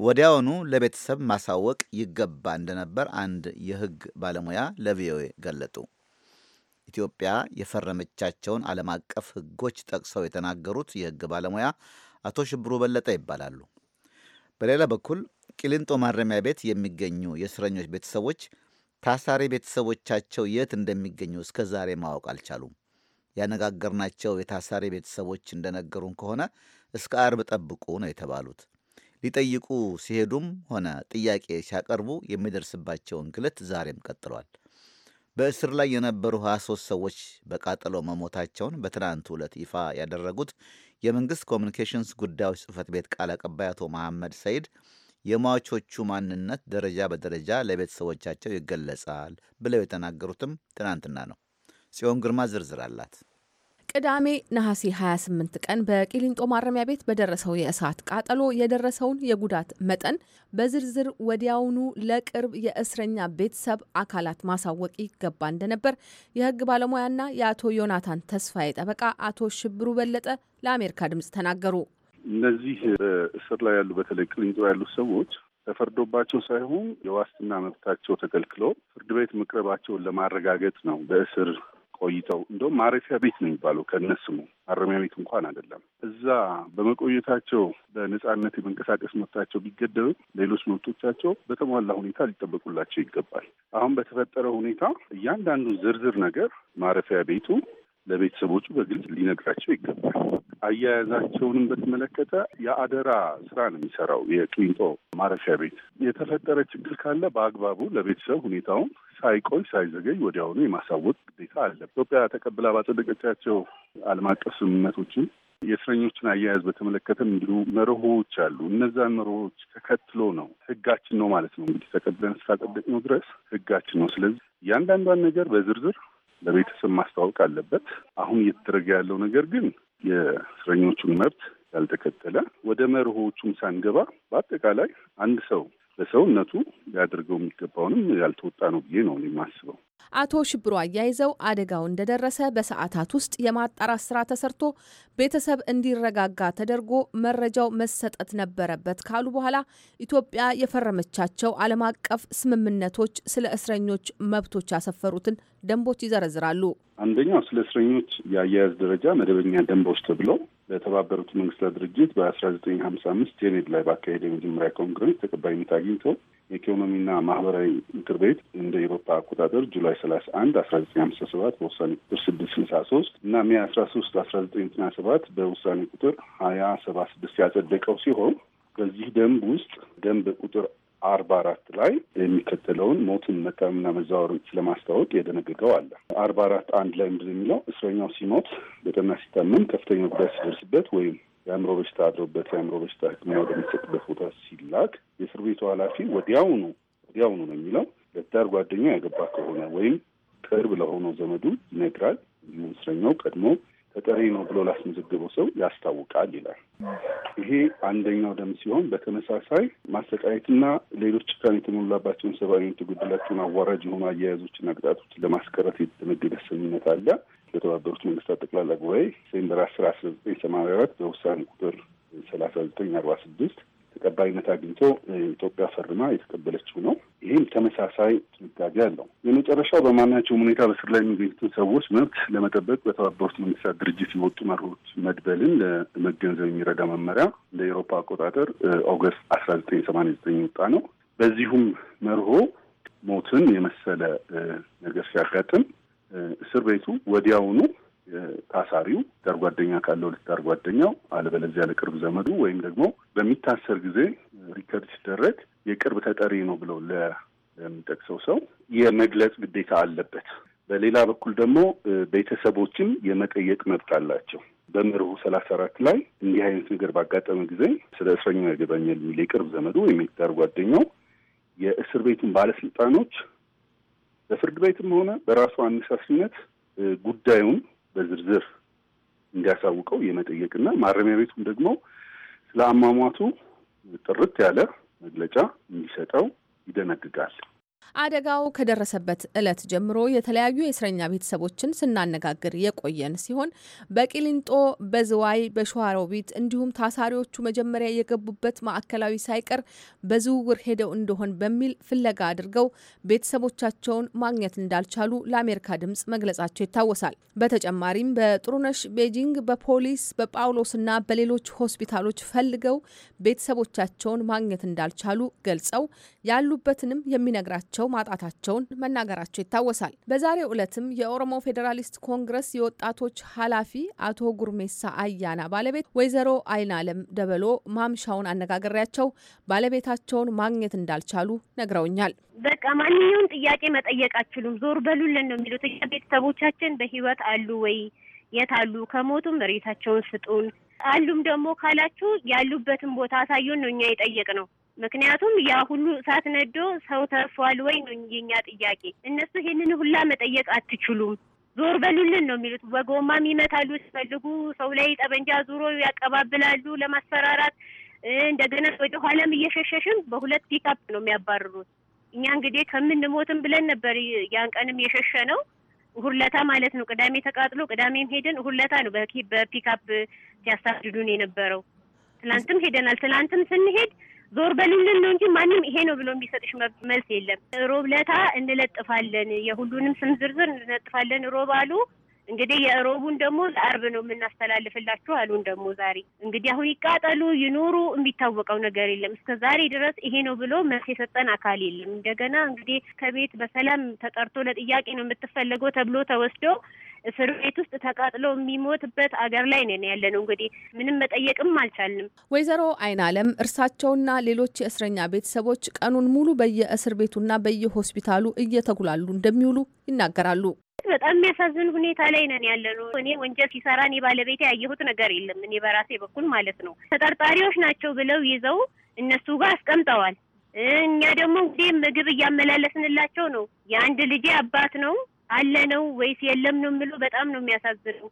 ወዲያውኑ ለቤተሰብ ማሳወቅ ይገባ እንደነበር አንድ የሕግ ባለሙያ ለቪኦኤ ገለጡ። ኢትዮጵያ የፈረመቻቸውን ዓለም አቀፍ ሕጎች ጠቅሰው የተናገሩት የሕግ ባለሙያ አቶ ሽብሩ በለጠ ይባላሉ። በሌላ በኩል ቂሊንጦ ማረሚያ ቤት የሚገኙ የእስረኞች ቤተሰቦች ታሳሪ ቤተሰቦቻቸው የት እንደሚገኙ እስከ ዛሬ ማወቅ አልቻሉም። ያነጋገርናቸው የታሳሪ ቤተሰቦች እንደነገሩን ከሆነ እስከ አርብ ጠብቁ ነው የተባሉት። ሊጠይቁ ሲሄዱም ሆነ ጥያቄ ሲያቀርቡ የሚደርስባቸው እንግልት ዛሬም ቀጥሏል። በእስር ላይ የነበሩ 23 ሰዎች በቃጠሎ መሞታቸውን በትናንት ዕለት ይፋ ያደረጉት የመንግሥት ኮሚኒኬሽንስ ጉዳዮች ጽህፈት ቤት ቃል አቀባይ አቶ መሐመድ ሰይድ የሟቾቹ ማንነት ደረጃ በደረጃ ለቤተሰቦቻቸው ይገለጻል ብለው የተናገሩትም ትናንትና ነው። ጽዮን ግርማ ዝርዝር አላት። ቅዳሜ ነሐሴ 28 ቀን በቂሊንጦ ማረሚያ ቤት በደረሰው የእሳት ቃጠሎ የደረሰውን የጉዳት መጠን በዝርዝር ወዲያውኑ ለቅርብ የእስረኛ ቤተሰብ አካላት ማሳወቅ ይገባ እንደነበር የሕግ ባለሙያና የአቶ ዮናታን ተስፋዬ ጠበቃ አቶ ሽብሩ በለጠ ለአሜሪካ ድምጽ ተናገሩ። እነዚህ እስር ላይ ያሉ በተለይ ቅሊንጦ ያሉ ሰዎች ተፈርዶባቸው ሳይሆን የዋስትና መብታቸው ተከልክሎ ፍርድ ቤት መቅረባቸውን ለማረጋገጥ ነው በእስር ቆይተው እንደውም ማረፊያ ቤት ነው የሚባለው ከነስሙ ማረሚያ ቤት እንኳን አይደለም። እዛ በመቆየታቸው በነጻነት የመንቀሳቀስ መብታቸው ቢገደብም ሌሎች መብቶቻቸው በተሟላ ሁኔታ ሊጠበቁላቸው ይገባል። አሁን በተፈጠረው ሁኔታ እያንዳንዱ ዝርዝር ነገር ማረፊያ ቤቱ ለቤተሰቦቹ በግልጽ ሊነግራቸው ይገባል። አያያዛቸውንም በተመለከተ የአደራ ስራ ነው የሚሰራው። የቂሊንጦ ማረፊያ ቤት የተፈጠረ ችግር ካለ በአግባቡ ለቤተሰብ ሁኔታውን ሳይቆይ ሳይዘገይ ወዲያውኑ የማሳወቅ ግዴታ አለ። ኢትዮጵያ ተቀብላ ባጸደቀቻቸው ዓለም አቀፍ ስምምነቶችን የእስረኞችን አያያዝ በተመለከተም እንዲሁ መርሆዎች አሉ። እነዛን መርሆዎች ተከትሎ ነው ህጋችን ነው ማለት ነው እንግዲህ ተቀብለን እስካጸደቅ ነው ድረስ ህጋችን ነው። ስለዚህ እያንዳንዷን ነገር በዝርዝር ለቤተሰብ ማስተዋወቅ አለበት። አሁን እየተደረገ ያለው ነገር ግን የእስረኞቹን መብት ያልተከተለ ወደ መርሆቹም ሳንገባ በአጠቃላይ አንድ ሰው በሰውነቱ ሊያደርገው የሚገባውንም ያልተወጣ ነው ብዬ ነው የማስበው። አቶ ሽብሮ አያይዘው አደጋው እንደደረሰ በሰዓታት ውስጥ የማጣራት ስራ ተሰርቶ ቤተሰብ እንዲረጋጋ ተደርጎ መረጃው መሰጠት ነበረበት ካሉ በኋላ ኢትዮጵያ የፈረመቻቸው ዓለም አቀፍ ስምምነቶች ስለ እስረኞች መብቶች ያሰፈሩትን ደንቦች ይዘረዝራሉ። አንደኛው ስለ እስረኞች የአያያዝ ደረጃ መደበኛ ደንቦች ተብለው በተባበሩት መንግስታት ድርጅት በአስራ ዘጠኝ ሀምሳ አምስት ጄኔቭ ላይ ባካሄደ የመጀመሪያ ኮንግረስ ተቀባይነት አግኝቶ የኢኮኖሚና ማህበራዊ ምክር ቤት እንደ ኤሮፓ አቆጣጠር ጁላይ ሰላሳ አንድ አስራ ዘጠኝ ሀምሳ ሰባት በውሳኔ ቁጥር ስድስት ስልሳ ሶስት እና ሜ አስራ ሶስት አስራ ዘጠኝ ዘጠና ሰባት በውሳኔ ቁጥር ሀያ ሰባ ስድስት ያጸደቀው ሲሆን በዚህ ደንብ ውስጥ ደንብ ቁጥር አርባ አራት ላይ የሚከተለውን ሞትን መቃወምና መዛወርን ስለማስታወቅ የደነገገው አለ። አርባ አራት አንድ ላይ ብዙ የሚለው እስረኛው ሲሞት በጠና ሲታመም፣ ከፍተኛ ጉዳት ሲደርስበት ወይም የአእምሮ በሽታ አድሮበት የአእምሮ በሽታ ሕክምና ወደሚሰጥበት ቦታ ሲላክ የእስር ቤቱ ኃላፊ ወዲያውኑ ወዲያውኑ ነው የሚለው ለትዳር ጓደኛው ያገባ ከሆነ ወይም ቅርብ ለሆነው ዘመዱ ይነግራል። እስረኛው ቀድሞ ተጠሪ ነው ብሎ ላስመዘገበው ሰው ያስታውቃል ይላል። ይሄ አንደኛው ደም ሲሆን በተመሳሳይ ማሰቃየትና ሌሎች ጭካኔ የተሞላባቸውን ሰብአዊነት የጎደላቸውን አዋራጅ የሆኑ አያያዞችና ቅጣቶችን ለማስቀረት የተደነገገ ስምምነት አለ። በተባበሩት መንግስታት ጠቅላላ ጉባኤ ሴምበር አስራ አስራ ዘጠኝ ሰማንያ አራት በውሳኔ ቁጥር ሰላሳ ዘጠኝ አርባ ስድስት ተቀባይነት አግኝቶ ኢትዮጵያ ፈርማ የተቀበለችው ነው። ይህም ተመሳሳይ ጥንቃቄ አለው። የመጨረሻው በማናቸውም ሁኔታ በስር ላይ የሚገኙትን ሰዎች መብት ለመጠበቅ በተባበሩት መንግስታት ድርጅት የወጡ መርሆች መድበልን ለመገንዘብ የሚረዳ መመሪያ እንደ ኤሮፓ አቆጣጠር ኦገስት አስራ ዘጠኝ ሰማንያ ዘጠኝ ወጣ ነው። በዚሁም መርሆ ሞትን የመሰለ ነገር ሲያጋጥም እስር ቤቱ ወዲያውኑ ታሳሪው ዳር ጓደኛ ካለው ልዳር ጓደኛው አለበለዚያ ለቅርብ ዘመዱ ወይም ደግሞ በሚታሰር ጊዜ ሪከርድ ሲደረግ የቅርብ ተጠሪ ነው ብለው ለሚጠቅሰው ሰው የመግለጽ ግዴታ አለበት። በሌላ በኩል ደግሞ ቤተሰቦችም የመጠየቅ መብት አላቸው። በምርሁ ሰላሳ አራት ላይ እንዲህ አይነት ነገር ባጋጠመ ጊዜ ስለ እስረኛው ያገባኛል የሚል የቅርብ ዘመዱ ወይም የትዳር ጓደኛው የእስር ቤቱን ባለስልጣኖች በፍርድ ቤትም ሆነ በራሱ አነሳስነት ጉዳዩን በዝርዝር እንዲያሳውቀው የመጠየቅና ማረሚያ ቤቱም ደግሞ ስለ አሟሟቱ ጥርት ያለ መግለጫ እንዲሰጠው ይደነግጋል። አደጋው ከደረሰበት ዕለት ጀምሮ የተለያዩ የእስረኛ ቤተሰቦችን ስናነጋግር የቆየን ሲሆን በቂሊንጦ፣ በዝዋይ፣ በሸዋሮቢት እንዲሁም ታሳሪዎቹ መጀመሪያ የገቡበት ማዕከላዊ ሳይቀር በዝውውር ሄደው እንደሆን በሚል ፍለጋ አድርገው ቤተሰቦቻቸውን ማግኘት እንዳልቻሉ ለአሜሪካ ድምጽ መግለጻቸው ይታወሳል። በተጨማሪም በጥሩነሽ ቤጂንግ፣ በፖሊስ በጳውሎስና በሌሎች ሆስፒታሎች ፈልገው ቤተሰቦቻቸውን ማግኘት እንዳልቻሉ ገልጸው ያሉበትንም የሚነግራቸው ስራቸው ማጣታቸውን መናገራቸው ይታወሳል። በዛሬው ዕለትም የኦሮሞ ፌዴራሊስት ኮንግረስ የወጣቶች ኃላፊ አቶ ጉርሜሳ አያና ባለቤት ወይዘሮ አይን አለም ደበሎ ማምሻውን አነጋግሬያቸው ባለቤታቸውን ማግኘት እንዳልቻሉ ነግረውኛል። በቃ ማንኛውም ጥያቄ መጠየቅ አችሉም፣ ዞር በሉልን ነው የሚሉት። ቤተሰቦቻችን በህይወት አሉ ወይ? የት አሉ? ከሞቱም መሬታቸውን ስጡን አሉም ደግሞ ካላችሁ ያሉበትን ቦታ አሳዩን ነው እኛ የጠየቅ ነው። ምክንያቱም ያ ሁሉ እሳት ነዶ ሰው ተርፏል ወይ ነው የኛ ጥያቄ። እነሱ ይህንን ሁላ መጠየቅ አትችሉም ዞር በሉልን ነው የሚሉት። በጎማም ይመታሉ ሲፈልጉ፣ ሰው ላይ ጠበንጃ ዙሮ ያቀባብላሉ ለማስፈራራት። እንደገና ወደ ኋላም እየሸሸሽም በሁለት ፒካፕ ነው የሚያባርሩት። እኛ እንግዲህ ከምንሞትም ብለን ነበር ያን ቀንም የሸሸ ነው ሁለታ ማለት ነው። ቅዳሜ ተቃጥሎ ቅዳሜም ሄደን ሁለታ ነው በፒካፕ ሲያሳድዱን የነበረው። ትላንትም ሄደናል። ትላንትም ስንሄድ ዞር በልልን ነው እንጂ ማንም ይሄ ነው ብሎ የሚሰጥሽ መልስ የለም። ሮብለታ እንለጥፋለን፣ የሁሉንም ስም ዝርዝር እንለጥፋለን ሮብ አሉ። እንግዲህ የሮቡን ደግሞ ለአርብ ነው የምናስተላልፍላችሁ አሉን። ደግሞ ዛሬ እንግዲህ አሁን ይቃጠሉ ይኖሩ የሚታወቀው ነገር የለም። እስከ ዛሬ ድረስ ይሄ ነው ብሎ መልስ የሰጠን አካል የለም። እንደገና እንግዲህ ከቤት በሰላም ተጠርቶ ለጥያቄ ነው የምትፈለገው ተብሎ ተወስዶ እስር ቤት ውስጥ ተቃጥሎ የሚሞትበት አገር ላይ ነን ያለ ነው። እንግዲህ ምንም መጠየቅም አልቻልንም። ወይዘሮ አይን አለም እርሳቸውና ሌሎች የእስረኛ ቤተሰቦች ቀኑን ሙሉ በየእስር ቤቱና በየሆስፒታሉ እየተጉላሉ እንደሚውሉ ይናገራሉ። በጣም የሚያሳዝን ሁኔታ ላይ ነን ያለ ነው። እኔ ወንጀል ሲሰራ እኔ ባለቤቴ ያየሁት ነገር የለም። እኔ በራሴ በኩል ማለት ነው። ተጠርጣሪዎች ናቸው ብለው ይዘው እነሱ ጋር አስቀምጠዋል። እኛ ደግሞ እንግዲህ ምግብ እያመላለስንላቸው ነው። የአንድ ልጄ አባት ነው አለ ነው ወይስ የለም ነው የሚሉ በጣም ነው የሚያሳዝነው።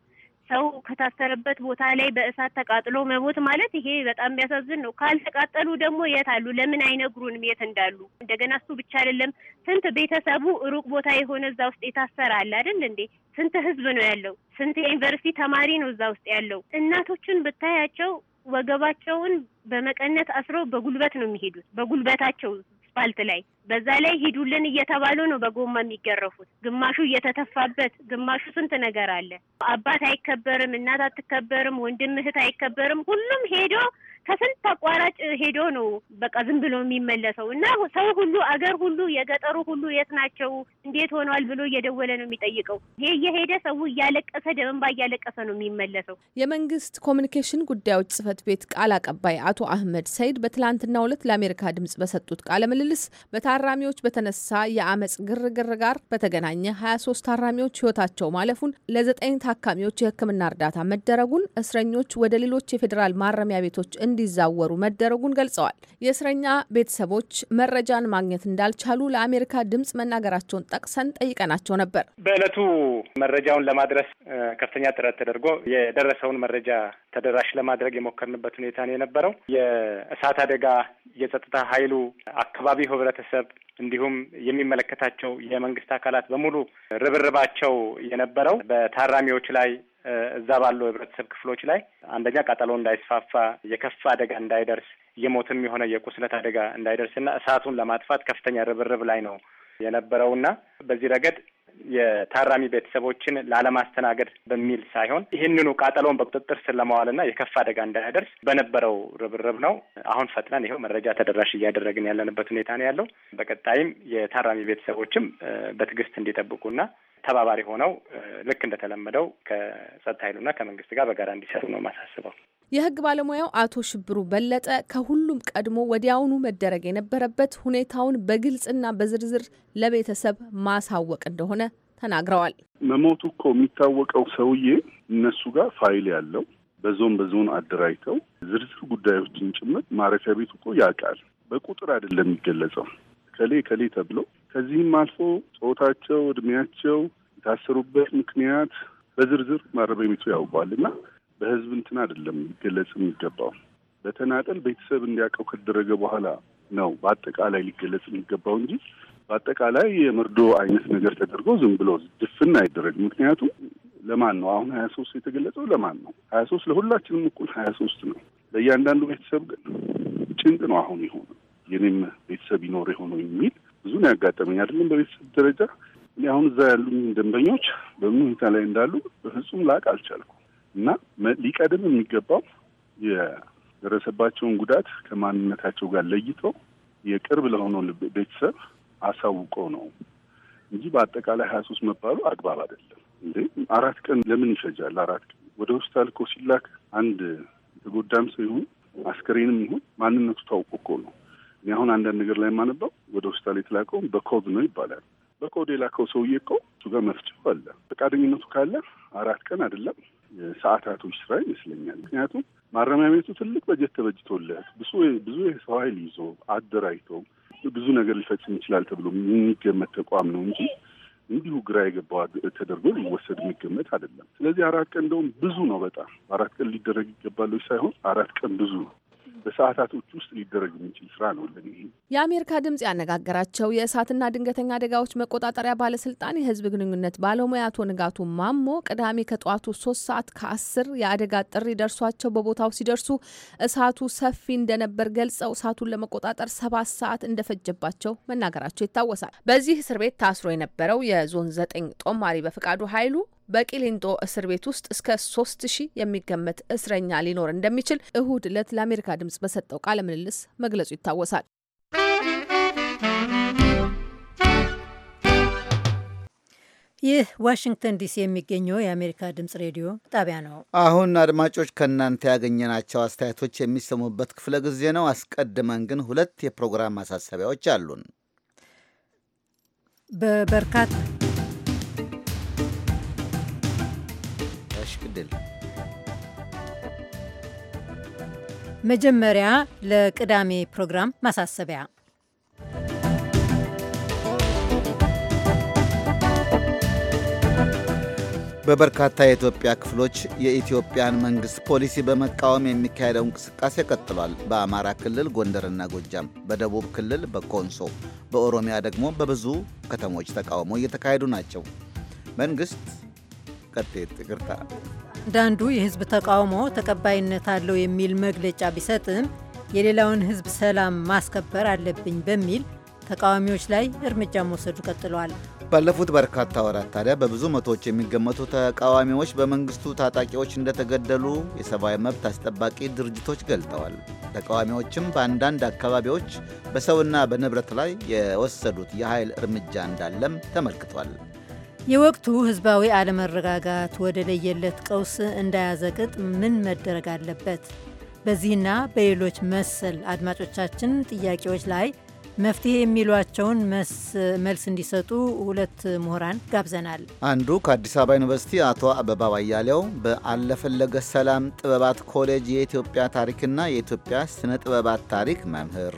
ሰው ከታሰረበት ቦታ ላይ በእሳት ተቃጥሎ መሞት ማለት ይሄ በጣም የሚያሳዝን ነው። ካልተቃጠሉ ደግሞ የት አሉ? ለምን አይነግሩንም የት እንዳሉ? እንደገና እሱ ብቻ አይደለም፣ ስንት ቤተሰቡ ሩቅ ቦታ የሆነ እዛ ውስጥ የታሰረ አለ አይደል እንዴ? ስንት ህዝብ ነው ያለው? ስንት የዩኒቨርሲቲ ተማሪ ነው እዛ ውስጥ ያለው? እናቶችን ብታያቸው ወገባቸውን በመቀነት አስረው በጉልበት ነው የሚሄዱት፣ በጉልበታቸው አስፋልት ላይ በዛ ላይ ሂዱልን እየተባሉ ነው በጎማ የሚገረፉት። ግማሹ እየተተፋበት፣ ግማሹ ስንት ነገር አለ። አባት አይከበርም፣ እናት አትከበርም፣ ወንድም እህት አይከበርም። ሁሉም ሄዶ ከስንት አቋራጭ ሄዶ ነው በቃ ዝም ብሎ የሚመለሰው እና ሰው ሁሉ አገር ሁሉ የገጠሩ ሁሉ የት ናቸው እንዴት ሆኗል ብሎ እየደወለ ነው የሚጠይቀው። ይሄ እየሄደ ሰው እያለቀሰ ደመንባ እያለቀሰ ነው የሚመለሰው። የመንግስት ኮሚኒኬሽን ጉዳዮች ጽህፈት ቤት ቃል አቀባይ አቶ አህመድ ሰይድ በትላንትናው ዕለት ለአሜሪካ ድምጽ በሰጡት ቃለ ምልልስ በታ ታራሚዎች በተነሳ የአመፅ ግርግር ጋር በተገናኘ 23 ታራሚዎች ህይወታቸው ማለፉን፣ ለዘጠኝ ታካሚዎች የህክምና እርዳታ መደረጉን፣ እስረኞች ወደ ሌሎች የፌዴራል ማረሚያ ቤቶች እንዲዛወሩ መደረጉን ገልጸዋል። የእስረኛ ቤተሰቦች መረጃን ማግኘት እንዳልቻሉ ለአሜሪካ ድምጽ መናገራቸውን ጠቅሰን ጠይቀናቸው ነበር። በእለቱ መረጃውን ለማድረስ ከፍተኛ ጥረት ተደርጎ የደረሰውን መረጃ ተደራሽ ለማድረግ የሞከርንበት ሁኔታ ነው የነበረው። የእሳት አደጋ የጸጥታ ኃይሉ አካባቢው ህብረተሰብ እንዲሁም የሚመለከታቸው የመንግስት አካላት በሙሉ ርብርባቸው የነበረው በታራሚዎች ላይ እዛ ባሉ ህብረተሰብ ክፍሎች ላይ አንደኛ ቃጠሎ እንዳይስፋፋ የከፍ አደጋ እንዳይደርስ የሞትም የሆነ የቁስለት አደጋ እንዳይደርስና እሳቱን ለማጥፋት ከፍተኛ ርብርብ ላይ ነው የነበረውና በዚህ ረገድ የታራሚ ቤተሰቦችን ላለማስተናገድ በሚል ሳይሆን ይህንኑ ቃጠሎውን በቁጥጥር ስር ለማዋልና የከፍ አደጋ እንዳያደርስ በነበረው ርብርብ ነው። አሁን ፈጥነን ይኸው መረጃ ተደራሽ እያደረግን ያለንበት ሁኔታ ነው ያለው። በቀጣይም የታራሚ ቤተሰቦችም በትዕግስት እንዲጠብቁና ተባባሪ ሆነው ልክ እንደተለመደው ከጸጥታ ኃይሉና ከመንግስት ጋር በጋራ እንዲሰሩ ነው ማሳስበው። የህግ ባለሙያው አቶ ሽብሩ በለጠ ከሁሉም ቀድሞ ወዲያውኑ መደረግ የነበረበት ሁኔታውን በግልጽና በዝርዝር ለቤተሰብ ማሳወቅ እንደሆነ ተናግረዋል። መሞቱ እኮ የሚታወቀው ሰውዬ እነሱ ጋር ፋይል ያለው በዞን በዞን አደራጅተው ዝርዝር ጉዳዮችን ጭምር ማረፊያ ቤት እኮ ያውቃል። በቁጥር አይደለም የሚገለጸው ከሌ ከሌ ተብሎ ከዚህም አልፎ ጾታቸው፣ እድሜያቸው፣ የታሰሩበት ምክንያት በዝርዝር ማረሚያ ቤቱ ያውቀዋል እና በህዝብ እንትን አይደለም ሊገለጽ የሚገባው በተናጠል ቤተሰብ እንዲያውቀው ከተደረገ በኋላ ነው በአጠቃላይ ሊገለጽ የሚገባው እንጂ በአጠቃላይ የመርዶ አይነት ነገር ተደርጎ ዝም ብሎ ድፍን አይደረግ። ምክንያቱም ለማን ነው አሁን ሀያ ሶስት የተገለጸው ለማን ነው? ሀያ ሶስት ለሁላችንም እኩል ሀያ ሶስት ነው። ለእያንዳንዱ ቤተሰብ ግን ጭንቅ ነው። አሁን የሆነ የኔም ቤተሰብ ይኖር የሆነ የሚል ብዙ ነው ያጋጠመኝ። አይደለም በቤተሰብ ደረጃ እኔ አሁን እዛ ያሉኝ ደንበኞች በምን ሁኔታ ላይ እንዳሉ በፍጹም ላቅ አልቻልኩ። እና ሊቀድም የሚገባው የደረሰባቸውን ጉዳት ከማንነታቸው ጋር ለይቶ የቅርብ ለሆነው ቤተሰብ አሳውቆ ነው እንጂ በአጠቃላይ ሀያ ሶስት መባሉ አግባብ አይደለም። እንዴ አራት ቀን ለምን ይፈጃል? አራት ቀን ወደ ሆስፒታል እኮ ሲላክ አንድ የተጎዳም ሰው ይሁን አስከሬንም ይሁን ማንነቱ ታውቆ እኮ ነው። እኔ አሁን አንዳንድ ነገር ላይ የማነባው ወደ ሆስፒታል የተላከውን በኮድ ነው ይባላል። በኮድ የላከው ሰውዬ እኮ እሱ ጋር አለ። ፈቃደኝነቱ ካለ አራት ቀን አይደለም ሰዓታቶች ስራ ይመስለኛል። ምክንያቱም ማረሚያ ቤቱ ትልቅ በጀት ተበጅቶለት ብዙ ብዙ የሰው ኃይል ይዞ አደራጅቶ ብዙ ነገር ሊፈጽም ይችላል ተብሎ የሚገመት ተቋም ነው እንጂ እንዲሁ ግራ የገባ ተደርጎ ሊወሰድ የሚገመት አይደለም። ስለዚህ አራት ቀን እንደውም ብዙ ነው። በጣም አራት ቀን ሊደረግ ይገባለች ሳይሆን አራት ቀን ብዙ ነው። በሰዓታቶች ውስጥ ሊደረግ የሚችል ስራ ነው። ለዚህ የአሜሪካ ድምጽ ያነጋገራቸው የእሳትና ድንገተኛ አደጋዎች መቆጣጠሪያ ባለስልጣን የህዝብ ግንኙነት ባለሙያ አቶ ንጋቱ ማሞ ቅዳሜ ከጠዋቱ ሶስት ሰዓት ከአስር የአደጋ ጥሪ ደርሷቸው በቦታው ሲደርሱ እሳቱ ሰፊ እንደነበር ገልጸው እሳቱን ለመቆጣጠር ሰባት ሰዓት እንደፈጀባቸው መናገራቸው ይታወሳል። በዚህ እስር ቤት ታስሮ የነበረው የዞን ዘጠኝ ጦማሪ በፍቃዱ ኃይሉ በቂሊንጦ እስር ቤት ውስጥ እስከ ሶስት ሺህ የሚገመት እስረኛ ሊኖር እንደሚችል እሁድ ዕለት ለአሜሪካ ድምጽ በሰጠው ቃለ ምልልስ መግለጹ ይታወሳል። ይህ ዋሽንግተን ዲሲ የሚገኘው የአሜሪካ ድምጽ ሬዲዮ ጣቢያ ነው። አሁን አድማጮች ከእናንተ ያገኘናቸው አስተያየቶች የሚሰሙበት ክፍለ ጊዜ ነው። አስቀድመን ግን ሁለት የፕሮግራም ማሳሰቢያዎች አሉን። በበርካታ እሺ ግድ የለም። መጀመሪያ ለቅዳሜ ፕሮግራም ማሳሰቢያ በበርካታ የኢትዮጵያ ክፍሎች የኢትዮጵያን መንግሥት ፖሊሲ በመቃወም የሚካሄደው እንቅስቃሴ ቀጥሏል። በአማራ ክልል ጎንደርና ጎጃም፣ በደቡብ ክልል በኮንሶ፣ በኦሮሚያ ደግሞ በብዙ ከተሞች ተቃውሞ እየተካሄዱ ናቸው። መንግሥት ቀጤት ቅርታ አንዳንዱ የህዝብ ተቃውሞ ተቀባይነት አለው የሚል መግለጫ ቢሰጥም የሌላውን ህዝብ ሰላም ማስከበር አለብኝ በሚል ተቃዋሚዎች ላይ እርምጃ መውሰዱ ቀጥሏል። ባለፉት በርካታ ወራት ታዲያ በብዙ መቶዎች የሚገመቱ ተቃዋሚዎች በመንግስቱ ታጣቂዎች እንደተገደሉ የሰብአዊ መብት አስጠባቂ ድርጅቶች ገልጠዋል። ተቃዋሚዎችም በአንዳንድ አካባቢዎች በሰውና በንብረት ላይ የወሰዱት የኃይል እርምጃ እንዳለም ተመልክቷል። የወቅቱ ህዝባዊ አለመረጋጋት ወደ ለየለት ቀውስ እንዳያዘግጥ ምን መደረግ አለበት? በዚህና በሌሎች መሰል አድማጮቻችን ጥያቄዎች ላይ መፍትሄ የሚሏቸውን መልስ እንዲሰጡ ሁለት ምሁራን ጋብዘናል። አንዱ ከአዲስ አበባ ዩኒቨርሲቲ አቶ አበባ ባያሌው በአለፈለገ ሰላም ጥበባት ኮሌጅ የኢትዮጵያ ታሪክና የኢትዮጵያ ስነ ጥበባት ታሪክ መምህር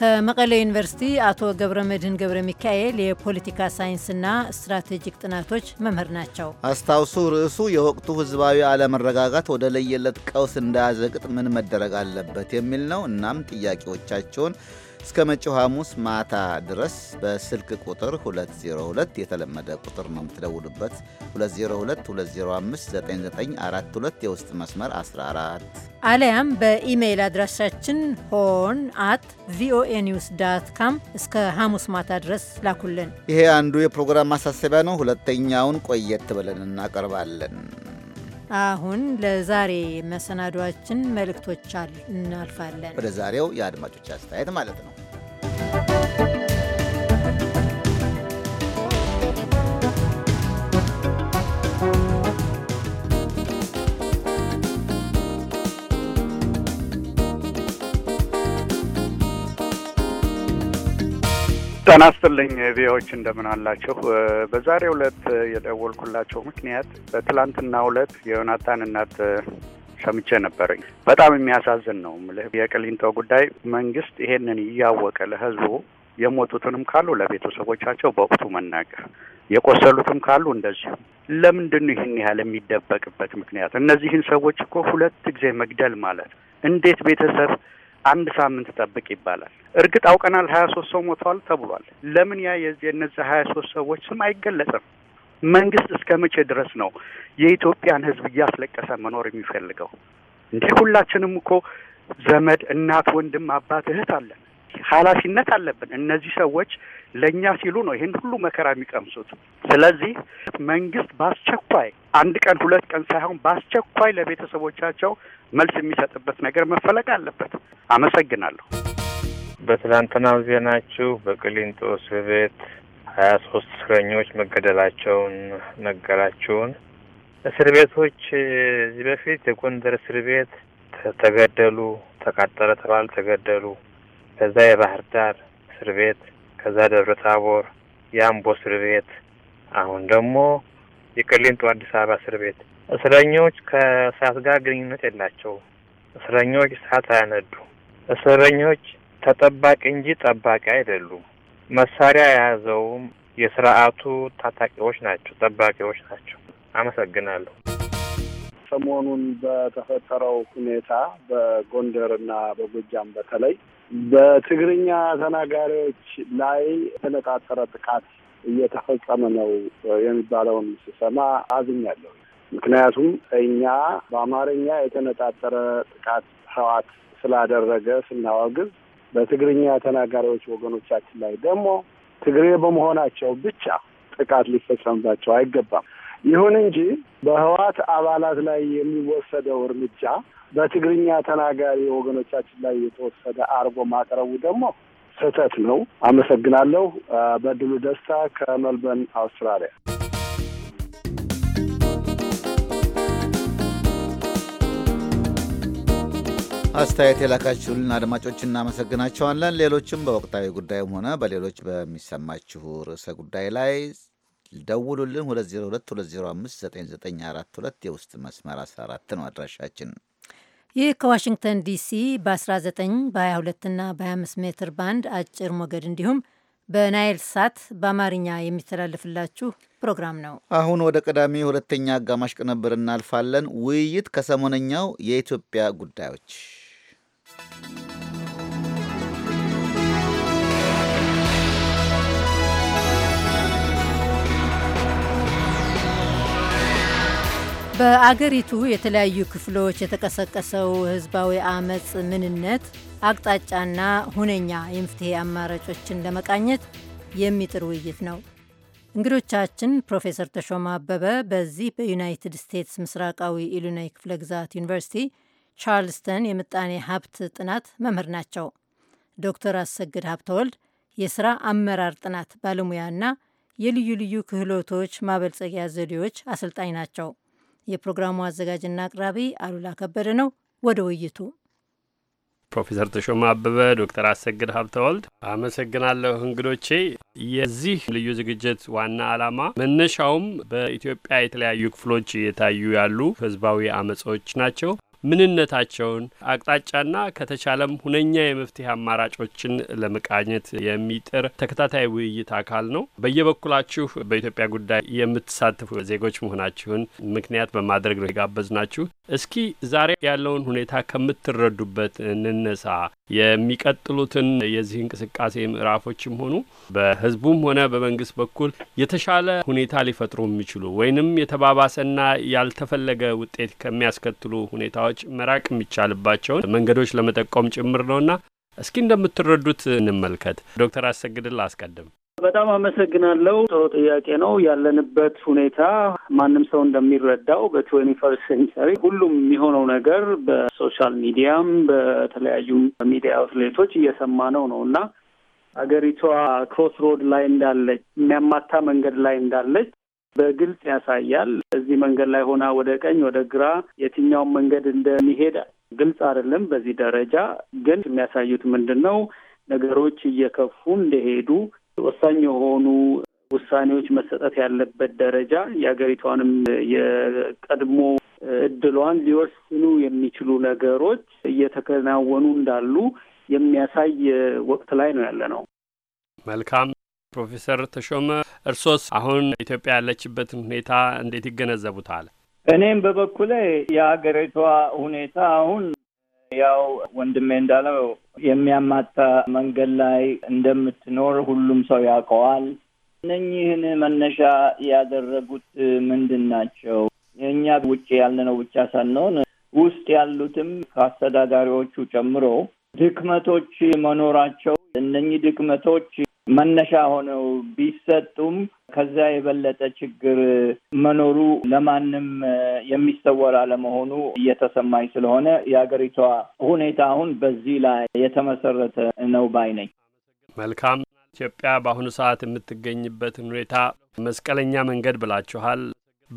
ከመቀለ ዩኒቨርሲቲ አቶ ገብረ መድህን ገብረ ሚካኤል የፖለቲካ ሳይንስና ስትራቴጂክ ጥናቶች መምህር ናቸው። አስታውሱ ርዕሱ የወቅቱ ህዝባዊ አለመረጋጋት ወደ ለየለት ቀውስ እንዳያዘግጥ ምን መደረግ አለበት የሚል ነው። እናም ጥያቄዎቻቸውን እስከ መጪው ሐሙስ ማታ ድረስ በስልክ ቁጥር 202 የተለመደ ቁጥር ነው የምትደውሉበት 2022059942 የውስጥ መስመር 14 አለያም በኢሜይል አድራሻችን ሆን አት ቪኦኤ ኒውስ ዳት ካም እስከ ሐሙስ ማታ ድረስ ላኩልን። ይሄ አንዱ የፕሮግራም ማሳሰቢያ ነው። ሁለተኛውን ቆየት ብለን እናቀርባለን። አሁን ለዛሬ መሰናዷችን መልእክቶች እናልፋለን። ወደ ዛሬው የአድማጮች አስተያየት ማለት ነው። ጤና ይስጥልኝ ቪዎች እንደምን አላችሁ? በዛሬው ዕለት የደወልኩላቸው ምክንያት በትላንትናው ዕለት የዮናታን እናት ሰምቼ ነበረኝ። በጣም የሚያሳዝን ነው የምልህ የቅሊንጦ ጉዳይ መንግስት ይሄንን እያወቀ ለህዝቡ የሞቱትንም ካሉ ለቤተሰቦቻቸው በወቅቱ መናገር፣ የቆሰሉትም ካሉ እንደዚሁ። ለምንድን ነው ይህን ያህል የሚደበቅበት ምክንያት? እነዚህን ሰዎች እኮ ሁለት ጊዜ መግደል ማለት እንዴት ቤተሰብ አንድ ሳምንት ጠብቅ ይባላል። እርግጥ አውቀናል፣ ሀያ ሶስት ሰው ሞተዋል ተብሏል። ለምን ያ የእነዚህ ሀያ ሶስት ሰዎች ስም አይገለጽም? መንግስት እስከ መቼ ድረስ ነው የኢትዮጵያን ህዝብ እያስለቀሰ መኖር የሚፈልገው? እንዲህ ሁላችንም እኮ ዘመድ፣ እናት፣ ወንድም፣ አባት፣ እህት አለን። ኃላፊነት አለብን። እነዚህ ሰዎች ለእኛ ሲሉ ነው ይህን ሁሉ መከራ የሚቀምሱት። ስለዚህ መንግስት በአስቸኳይ አንድ ቀን ሁለት ቀን ሳይሆን በአስቸኳይ ለቤተሰቦቻቸው መልስ የሚሰጥበት ነገር መፈለግ አለበት። አመሰግናለሁ። በትላንትናው ዜናችሁ በቅሊንጦ እስር ቤት ሀያ ሶስት እስረኞች መገደላቸውን ነገራችሁን። እስር ቤቶች እዚህ በፊት የጎንደር እስር ቤት ተገደሉ፣ ተቃጠለ ተባለ፣ ተገደሉ። ከዛ የባህር ዳር እስር ቤት፣ ከዛ ደብረ ታቦር የአምቦ እስር ቤት፣ አሁን ደግሞ የቅሊንጦ አዲስ አበባ እስር ቤት እስረኞች ከእሳት ጋር ግንኙነት የላቸውም። እስረኞች እሳት አያነዱ። እስረኞች ተጠባቂ እንጂ ጠባቂ አይደሉም። መሳሪያ የያዘውም የስርዓቱ ታጣቂዎች ናቸው፣ ጠባቂዎች ናቸው። አመሰግናለሁ። ሰሞኑን በተፈጠረው ሁኔታ በጎንደር እና በጎጃም በተለይ በትግርኛ ተናጋሪዎች ላይ የተነጣጠረ ጥቃት እየተፈጸመ ነው የሚባለውን ስሰማ አዝኛለሁ። ምክንያቱም እኛ በአማርኛ የተነጣጠረ ጥቃት ህዋት ስላደረገ ስናወግዝ በትግርኛ ተናጋሪዎች ወገኖቻችን ላይ ደግሞ ትግሬ በመሆናቸው ብቻ ጥቃት ሊፈጸምባቸው አይገባም። ይሁን እንጂ በህዋት አባላት ላይ የሚወሰደው እርምጃ በትግርኛ ተናጋሪ ወገኖቻችን ላይ የተወሰደ አድርጎ ማቅረቡ ደግሞ ስህተት ነው። አመሰግናለሁ። በድሉ ደስታ ከመልበን አውስትራሊያ አስተያየት የላካችሁልን አድማጮች እናመሰግናቸዋለን። ሌሎችም በወቅታዊ ጉዳይም ሆነ በሌሎች በሚሰማችሁ ርዕሰ ጉዳይ ላይ ደውሉልን። 2022059942 የውስጥ መስመር 14 ነው አድራሻችን። ይህ ከዋሽንግተን ዲሲ በ19 በ22 እና በ25 ሜትር ባንድ አጭር ሞገድ እንዲሁም በናይል ሳት በአማርኛ የሚተላለፍላችሁ ፕሮግራም ነው። አሁን ወደ ቀዳሚ ሁለተኛ አጋማሽ ቅንብር እናልፋለን። ውይይት ከሰሞነኛው የኢትዮጵያ ጉዳዮች በአገሪቱ የተለያዩ ክፍሎች የተቀሰቀሰው ህዝባዊ አመፅ ምንነት፣ አቅጣጫና ሁነኛ የመፍትሄ አማራጮችን ለመቃኘት የሚጥር ውይይት ነው። እንግዶቻችን ፕሮፌሰር ተሾማ አበበ በዚህ በዩናይትድ ስቴትስ ምስራቃዊ ኢሉናይ ክፍለ ግዛት ዩኒቨርሲቲ ቻርልስተን የምጣኔ ሀብት ጥናት መምህር ናቸው። ዶክተር አሰግድ ሀብተወልድ የስራ አመራር ጥናት ባለሙያና የልዩ ልዩ ክህሎቶች ማበልጸጊያ ዘዴዎች አሰልጣኝ ናቸው። የፕሮግራሙ አዘጋጅና አቅራቢ አሉላ ከበደ ነው። ወደ ውይይቱ ፕሮፌሰር ተሾመ አበበ፣ ዶክተር አሰግድ ሀብተወልድ አመሰግናለሁ እንግዶቼ። የዚህ ልዩ ዝግጅት ዋና ዓላማ መነሻውም በኢትዮጵያ የተለያዩ ክፍሎች እየታዩ ያሉ ህዝባዊ አመጾች ናቸው። ምንነታቸውን አቅጣጫና ከተቻለም ሁነኛ የመፍትሄ አማራጮችን ለመቃኘት የሚጥር ተከታታይ ውይይት አካል ነው። በየበኩላችሁ በኢትዮጵያ ጉዳይ የምትሳተፉ ዜጎች መሆናችሁን ምክንያት በማድረግ ነው የጋበዝ ናችሁ። እስኪ ዛሬ ያለውን ሁኔታ ከምትረዱበት እንነሳ። የሚቀጥሉትን የዚህ እንቅስቃሴ ምዕራፎችም ሆኑ በህዝቡም ሆነ በመንግስት በኩል የተሻለ ሁኔታ ሊፈጥሩ የሚችሉ ወይንም የተባባሰና ያልተፈለገ ውጤት ከሚያስከትሉ ሁኔታዎች መራቅ የሚቻልባቸውን መንገዶች ለመጠቆም ጭምር ነውና እስኪ እንደምትረዱት እንመልከት። ዶክተር አሰግድል አስቀድም በጣም አመሰግናለሁ። ጥሩ ጥያቄ ነው። ያለንበት ሁኔታ ማንም ሰው እንደሚረዳው በትዌንቲ ፈርስት ሴንቸሪ ሁሉም የሚሆነው ነገር በሶሻል ሚዲያም በተለያዩ ሚዲያ አውትሌቶች እየሰማ ነው ነው እና አገሪቷ ክሮስ ሮድ ላይ እንዳለች የሚያማታ መንገድ ላይ እንዳለች በግልጽ ያሳያል። እዚህ መንገድ ላይ ሆና ወደ ቀኝ ወደ ግራ የትኛውን መንገድ እንደሚሄድ ግልጽ አይደለም። በዚህ ደረጃ ግን የሚያሳዩት ምንድን ነው ነገሮች እየከፉ እንደሄዱ ወሳኝ የሆኑ ውሳኔዎች መሰጠት ያለበት ደረጃ የሀገሪቷንም የቀድሞ እድሏን ሊወስኑ የሚችሉ ነገሮች እየተከናወኑ እንዳሉ የሚያሳይ ወቅት ላይ ነው ያለ ነው። መልካም ፕሮፌሰር ተሾመ እርሶስ አሁን ኢትዮጵያ ያለችበትን ሁኔታ እንዴት ይገነዘቡታል? እኔም በበኩሌ የሀገሪቷ ሁኔታ አሁን ያው ወንድሜ እንዳለው የሚያማታ መንገድ ላይ እንደምትኖር ሁሉም ሰው ያውቀዋል። እነኚህን መነሻ ያደረጉት ምንድን ናቸው? የእኛ ውጭ ያለነው ብቻ ሳንሆን ውስጥ ያሉትም ከአስተዳዳሪዎቹ ጨምሮ ድክመቶች መኖራቸው እነኚህ ድክመቶች መነሻ ሆነው ቢሰጡም ከዛ የበለጠ ችግር መኖሩ ለማንም የሚሰወር አለመሆኑ እየተሰማኝ ስለሆነ የሀገሪቷ ሁኔታ አሁን በዚህ ላይ የተመሰረተ ነው ባይ ነኝ። መልካም። ኢትዮጵያ በአሁኑ ሰዓት የምትገኝበትን ሁኔታ መስቀለኛ መንገድ ብላችኋል።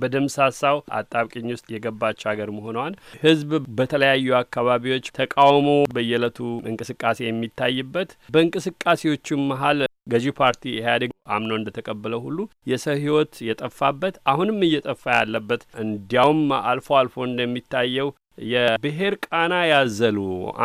በደምሳሳው አጣብቅኝ ውስጥ የገባች ሀገር መሆኗን ህዝብ በተለያዩ አካባቢዎች ተቃውሞ በየዕለቱ እንቅስቃሴ የሚታይበት በእንቅስቃሴዎቹም መሀል ገዢ ፓርቲ ኢህአዴግ አምኖ እንደተቀበለው ሁሉ የሰው ህይወት የጠፋበት አሁንም እየጠፋ ያለበት እንዲያውም አልፎ አልፎ እንደሚታየው የብሔር ቃና ያዘሉ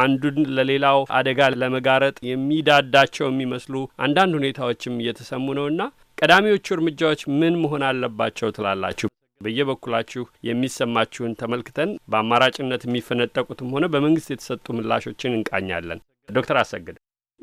አንዱን ለሌላው አደጋ ለመጋረጥ የሚዳዳቸው የሚመስሉ አንዳንድ ሁኔታዎችም እየተሰሙ ነውና ቀዳሚዎቹ እርምጃዎች ምን መሆን አለባቸው ትላላችሁ? በየበኩላችሁ የሚሰማችሁን ተመልክተን በአማራጭነት የሚፈነጠቁትም ሆነ በመንግስት የተሰጡ ምላሾችን እንቃኛለን። ዶክተር አሰግድ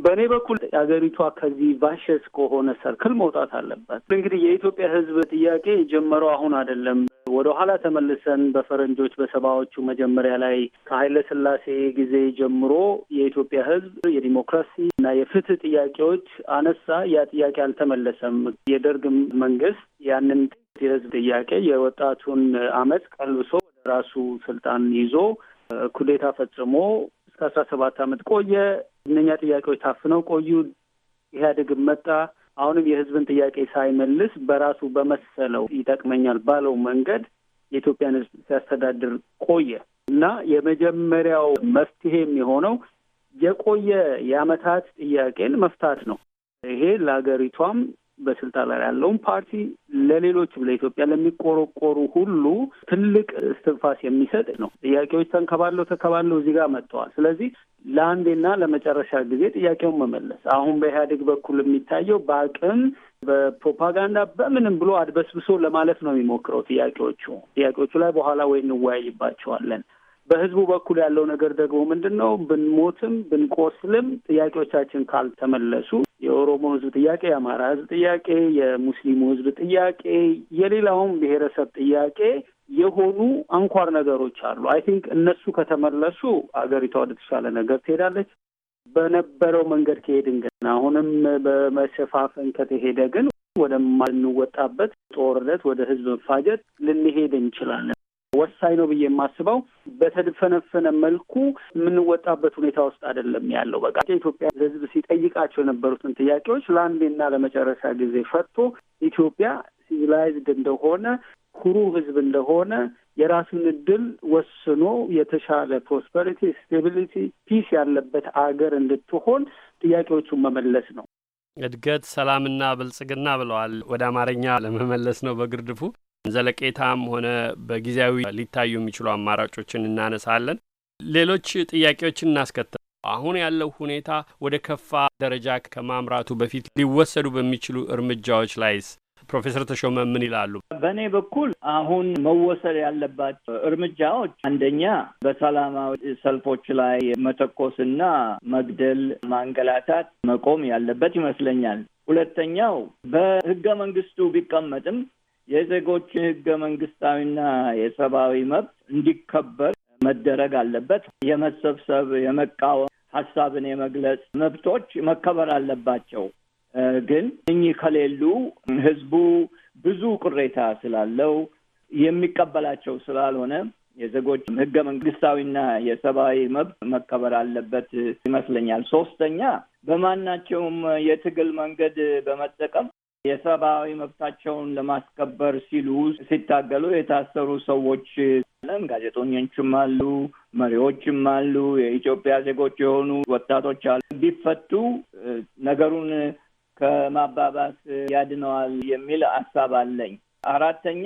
በእኔ በኩል አገሪቷ ከዚህ ቫሸስ ከሆነ ሰርክል መውጣት አለባት። እንግዲህ የኢትዮጵያ ሕዝብ ጥያቄ የጀመረው አሁን አይደለም። ወደ ኋላ ተመልሰን በፈረንጆች በሰባዎቹ መጀመሪያ ላይ ከኃይለ ሥላሴ ጊዜ ጀምሮ የኢትዮጵያ ሕዝብ የዲሞክራሲ እና የፍትህ ጥያቄዎች አነሳ። ያ ጥያቄ አልተመለሰም። የደርግም መንግስት ያንን የህዝብ ጥያቄ የወጣቱን አመፅ ቀልብሶ ወደ ራሱ ስልጣን ይዞ ኩዴታ ፈጽሞ አስራ ሰባት ዓመት ቆየ። እነኛ ጥያቄዎች ታፍነው ቆዩ። ኢህአዴግም መጣ። አሁንም የህዝብን ጥያቄ ሳይመልስ በራሱ በመሰለው ይጠቅመኛል ባለው መንገድ የኢትዮጵያን ህዝብ ሲያስተዳድር ቆየ እና የመጀመሪያው መፍትሄ የሚሆነው የቆየ የአመታት ጥያቄን መፍታት ነው። ይሄ ለሀገሪቷም በስልጣን ላይ ያለውን ፓርቲ ለሌሎችም ለኢትዮጵያ ለሚቆረቆሩ ሁሉ ትልቅ እስትንፋስ የሚሰጥ ነው። ጥያቄዎች ተንከባለው ተከባለው እዚህ ጋር መጥተዋል። ስለዚህ ለአንዴና ለመጨረሻ ጊዜ ጥያቄውን መመለስ አሁን በኢህአዴግ በኩል የሚታየው በአቅም በፕሮፓጋንዳ በምንም ብሎ አድበስብሶ ለማለፍ ነው የሚሞክረው ጥያቄዎቹ ጥያቄዎቹ ላይ በኋላ ወይ እንወያይባቸዋለን በህዝቡ በኩል ያለው ነገር ደግሞ ምንድን ነው? ብንሞትም ብንቆስልም ጥያቄዎቻችን ካልተመለሱ የኦሮሞ ህዝብ ጥያቄ፣ የአማራ ህዝብ ጥያቄ፣ የሙስሊሙ ህዝብ ጥያቄ፣ የሌላውም ብሔረሰብ ጥያቄ የሆኑ አንኳር ነገሮች አሉ። አይ ቲንክ እነሱ ከተመለሱ አገሪቷ ወደ ተሻለ ነገር ትሄዳለች። በነበረው መንገድ ከሄድን ግን አሁንም በመሸፋፈን ከተሄደ ግን ወደማንወጣበት ጦርነት፣ ወደ ህዝብ መፋጀት ልንሄድ እንችላለን። ወሳኝ ነው ብዬ የማስበው በተፈነፈነ መልኩ የምንወጣበት ሁኔታ ውስጥ አይደለም ያለው። በቃ ኢትዮጵያ ሕዝብ ሲጠይቃቸው የነበሩትን ጥያቄዎች ለአንዴና ለመጨረሻ ጊዜ ፈቶ ኢትዮጵያ ሲቪላይዝድ እንደሆነ ኩሩ ሕዝብ እንደሆነ የራሱን እድል ወስኖ የተሻለ ፕሮስፐሪቲ፣ ስቴቢሊቲ፣ ፒስ ያለበት አገር እንድትሆን ጥያቄዎቹን መመለስ ነው። እድገት፣ ሰላምና ብልጽግና ብለዋል። ወደ አማርኛ ለመመለስ ነው በግርድፉ ዘለቄታም ሆነ በጊዜያዊ ሊታዩ የሚችሉ አማራጮችን እናነሳለን። ሌሎች ጥያቄዎችን እናስከተል። አሁን ያለው ሁኔታ ወደ ከፋ ደረጃ ከማምራቱ በፊት ሊወሰዱ በሚችሉ እርምጃዎች ላይስ ፕሮፌሰር ተሾመ ምን ይላሉ? በእኔ በኩል አሁን መወሰድ ያለባት እርምጃዎች አንደኛ በሰላማዊ ሰልፎች ላይ መተኮስና መግደል፣ ማንገላታት መቆም ያለበት ይመስለኛል። ሁለተኛው በህገ መንግስቱ ቢቀመጥም የዜጎችን ህገ መንግስታዊና የሰብአዊ መብት እንዲከበር መደረግ አለበት። የመሰብሰብ፣ የመቃወም፣ ሀሳብን የመግለጽ መብቶች መከበር አለባቸው። ግን እኚህ ከሌሉ ህዝቡ ብዙ ቅሬታ ስላለው የሚቀበላቸው ስላልሆነ የዜጎች ህገ መንግስታዊና የሰብአዊ መብት መከበር አለበት ይመስለኛል። ሶስተኛ በማናቸውም የትግል መንገድ በመጠቀም የሰብአዊ መብታቸውን ለማስከበር ሲሉ ሲታገሉ የታሰሩ ሰዎች ለም ጋዜጠኞችም አሉ፣ መሪዎችም አሉ፣ የኢትዮጵያ ዜጎች የሆኑ ወጣቶች አሉ። ቢፈቱ ነገሩን ከማባባስ ያድነዋል የሚል ሀሳብ አለኝ። አራተኛ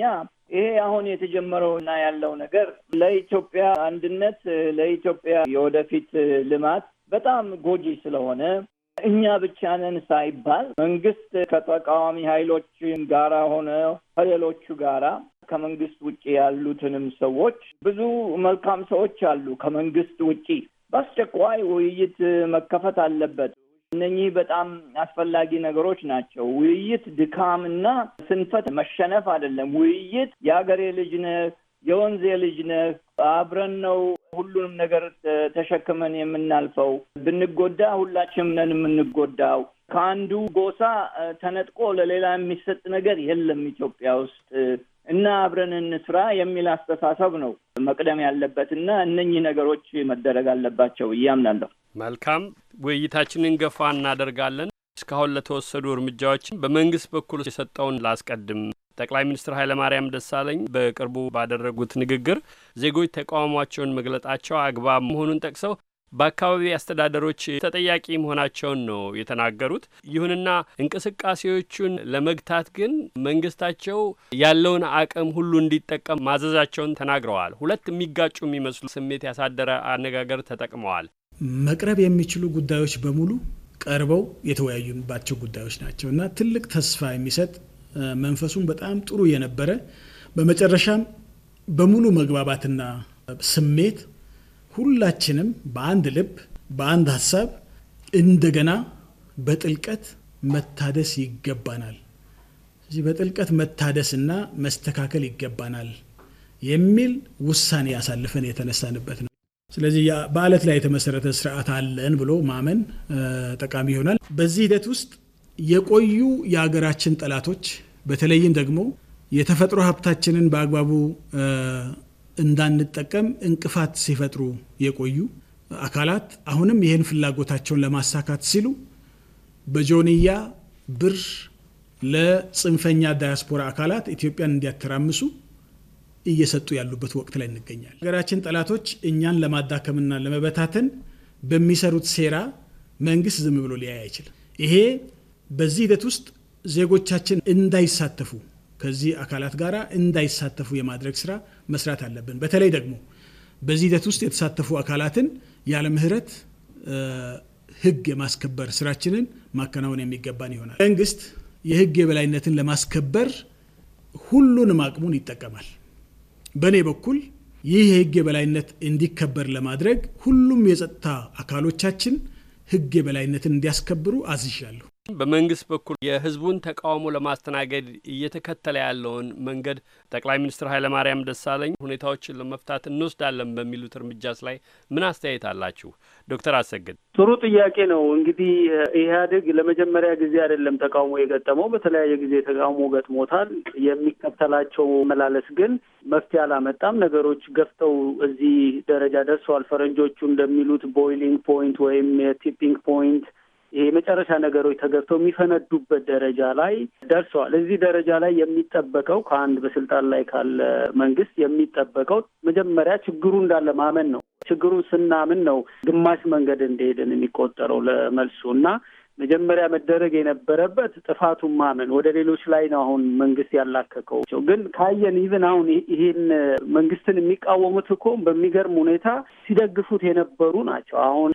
ይሄ አሁን የተጀመረው እና ያለው ነገር ለኢትዮጵያ አንድነት፣ ለኢትዮጵያ የወደፊት ልማት በጣም ጎጂ ስለሆነ እኛ ብቻ ነን ሳይባል መንግስት ከተቃዋሚ ኃይሎች ጋራ ሆነ ከሌሎቹ ጋራ ከመንግስት ውጭ ያሉትንም ሰዎች ብዙ መልካም ሰዎች አሉ። ከመንግስት ውጭ በአስቸኳይ ውይይት መከፈት አለበት። እነኚህ በጣም አስፈላጊ ነገሮች ናቸው። ውይይት ድካምና ስንፈት መሸነፍ አይደለም። ውይይት የአገሬ ልጅ ነህ፣ የወንዜ ልጅ ነህ፣ አብረን ነው ሁሉንም ነገር ተሸክመን የምናልፈው። ብንጎዳ ሁላችንም ነን የምንጎዳው። ከአንዱ ጎሳ ተነጥቆ ለሌላ የሚሰጥ ነገር የለም ኢትዮጵያ ውስጥ እና አብረን እንስራ የሚል አስተሳሰብ ነው መቅደም ያለበት እና እነኚህ ነገሮች መደረግ አለባቸው እያምናለሁ። መልካም ውይይታችንን ገፋ እናደርጋለን። እስካሁን ለተወሰዱ እርምጃዎችን በመንግስት በኩል የሰጠውን ላስቀድም ጠቅላይ ሚኒስትር ኃይለማርያም ደሳለኝ በቅርቡ ባደረጉት ንግግር ዜጎች ተቃውሟቸውን መግለጣቸው አግባብ መሆኑን ጠቅሰው በአካባቢ አስተዳደሮች ተጠያቂ መሆናቸውን ነው የተናገሩት። ይሁንና እንቅስቃሴዎቹን ለመግታት ግን መንግስታቸው ያለውን አቅም ሁሉ እንዲጠቀም ማዘዛቸውን ተናግረዋል። ሁለት የሚጋጩ የሚመስሉ ስሜት ያሳደረ አነጋገር ተጠቅመዋል። መቅረብ የሚችሉ ጉዳዮች በሙሉ ቀርበው የተወያዩባቸው ጉዳዮች ናቸው እና ትልቅ ተስፋ የሚሰጥ መንፈሱም በጣም ጥሩ የነበረ በመጨረሻም በሙሉ መግባባትና ስሜት ሁላችንም በአንድ ልብ በአንድ ሀሳብ እንደገና በጥልቀት መታደስ ይገባናል። እዚህ በጥልቀት መታደስና መስተካከል ይገባናል የሚል ውሳኔ ያሳልፈን የተነሳንበት ነው። ስለዚህ በአለት ላይ የተመሰረተ ስርዓት አለን ብሎ ማመን ጠቃሚ ይሆናል። በዚህ ሂደት ውስጥ የቆዩ የሀገራችን ጠላቶች በተለይም ደግሞ የተፈጥሮ ሀብታችንን በአግባቡ እንዳንጠቀም እንቅፋት ሲፈጥሩ የቆዩ አካላት አሁንም ይህን ፍላጎታቸውን ለማሳካት ሲሉ በጆንያ ብር ለጽንፈኛ ዳያስፖራ አካላት ኢትዮጵያን እንዲያተራምሱ እየሰጡ ያሉበት ወቅት ላይ እንገኛል። ሀገራችን ጠላቶች እኛን ለማዳከምና ለመበታተን በሚሰሩት ሴራ መንግስት ዝም ብሎ ሊያይ አይችልም። ይሄ በዚህ ሂደት ውስጥ ዜጎቻችን እንዳይሳተፉ ከዚህ አካላት ጋር እንዳይሳተፉ የማድረግ ስራ መስራት አለብን። በተለይ ደግሞ በዚህ ሂደት ውስጥ የተሳተፉ አካላትን ያለ ምህረት ህግ የማስከበር ስራችንን ማከናወን የሚገባን ይሆናል። መንግስት የህግ የበላይነትን ለማስከበር ሁሉንም አቅሙን ይጠቀማል። በእኔ በኩል ይህ የህግ የበላይነት እንዲከበር ለማድረግ ሁሉም የጸጥታ አካሎቻችን ህግ የበላይነትን እንዲያስከብሩ አዝዣለሁ። በመንግስት በኩል የህዝቡን ተቃውሞ ለማስተናገድ እየተከተለ ያለውን መንገድ ጠቅላይ ሚኒስትር ኃይለማርያም ደሳለኝ ሁኔታዎችን ለመፍታት እንወስዳለን በሚሉት እርምጃስ ላይ ምን አስተያየት አላችሁ? ዶክተር አሰግድ ጥሩ ጥያቄ ነው። እንግዲህ ኢህአዴግ ለመጀመሪያ ጊዜ አይደለም ተቃውሞ የገጠመው፣ በተለያየ ጊዜ ተቃውሞ ገጥሞታል። የሚከተላቸው መላለስ ግን መፍትሄ አላመጣም። ነገሮች ገፍተው እዚህ ደረጃ ደርሰዋል። ፈረንጆቹ እንደሚሉት ቦይሊንግ ፖይንት ወይም የቲፒንግ ፖይንት ይሄ የመጨረሻ ነገሮች ተገብተው የሚፈነዱበት ደረጃ ላይ ደርሰዋል። እዚህ ደረጃ ላይ የሚጠበቀው ከአንድ በስልጣን ላይ ካለ መንግስት የሚጠበቀው መጀመሪያ ችግሩ እንዳለ ማመን ነው። ችግሩን ስናምን ነው ግማሽ መንገድ እንደሄድን የሚቆጠረው ለመልሱ እና መጀመሪያ መደረግ የነበረበት ጥፋቱን ማመን ወደ ሌሎች ላይ ነው አሁን መንግስት ያላከከው። ግን ካየን ኢቭን አሁን ይህን መንግስትን የሚቃወሙት እኮ በሚገርም ሁኔታ ሲደግፉት የነበሩ ናቸው። አሁን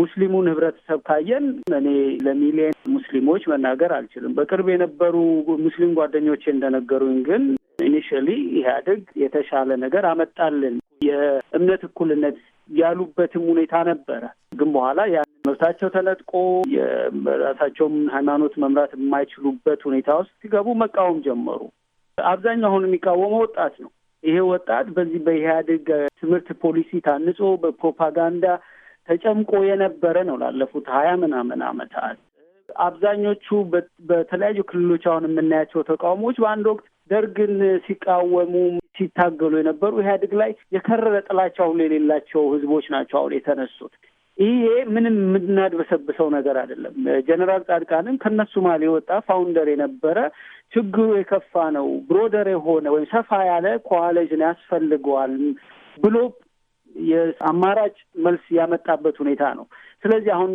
ሙስሊሙን ህብረተሰብ ካየን እኔ ለሚሊየን ሙስሊሞች መናገር አልችልም። በቅርብ የነበሩ ሙስሊም ጓደኞቼ እንደነገሩኝ ግን ኢኒሽሊ ኢህአዴግ የተሻለ ነገር አመጣልን የእምነት እኩልነት ያሉበትም ሁኔታ ነበረ። ግን በኋላ ያ መብታቸው ተነጥቆ የራሳቸውም ሃይማኖት መምራት የማይችሉበት ሁኔታ ውስጥ ሲገቡ መቃወም ጀመሩ። አብዛኛው አሁን የሚቃወመው ወጣት ነው። ይሄ ወጣት በዚህ በኢህአዴግ ትምህርት ፖሊሲ ታንጾ በፕሮፓጋንዳ ተጨምቆ የነበረ ነው ላለፉት ሀያ ምናምን ዓመታት። አብዛኞቹ በተለያዩ ክልሎች አሁን የምናያቸው ተቃውሞዎች በአንድ ወቅት ደርግን ሲቃወሙ ሲታገሉ የነበሩ ኢህአዴግ ላይ የከረረ ጥላቻ ሁሉ የሌላቸው ህዝቦች ናቸው አሁን የተነሱት። ይሄ ምንም የምናድበሰብሰው ነገር አይደለም። ጀኔራል ጻድቃንም ከነሱ ማል የወጣ ፋውንደር የነበረ ችግሩ የከፋ ነው፣ ብሮደር የሆነ ወይም ሰፋ ያለ ኮዋለጅን ያስፈልገዋል ብሎ የአማራጭ መልስ ያመጣበት ሁኔታ ነው። ስለዚህ አሁን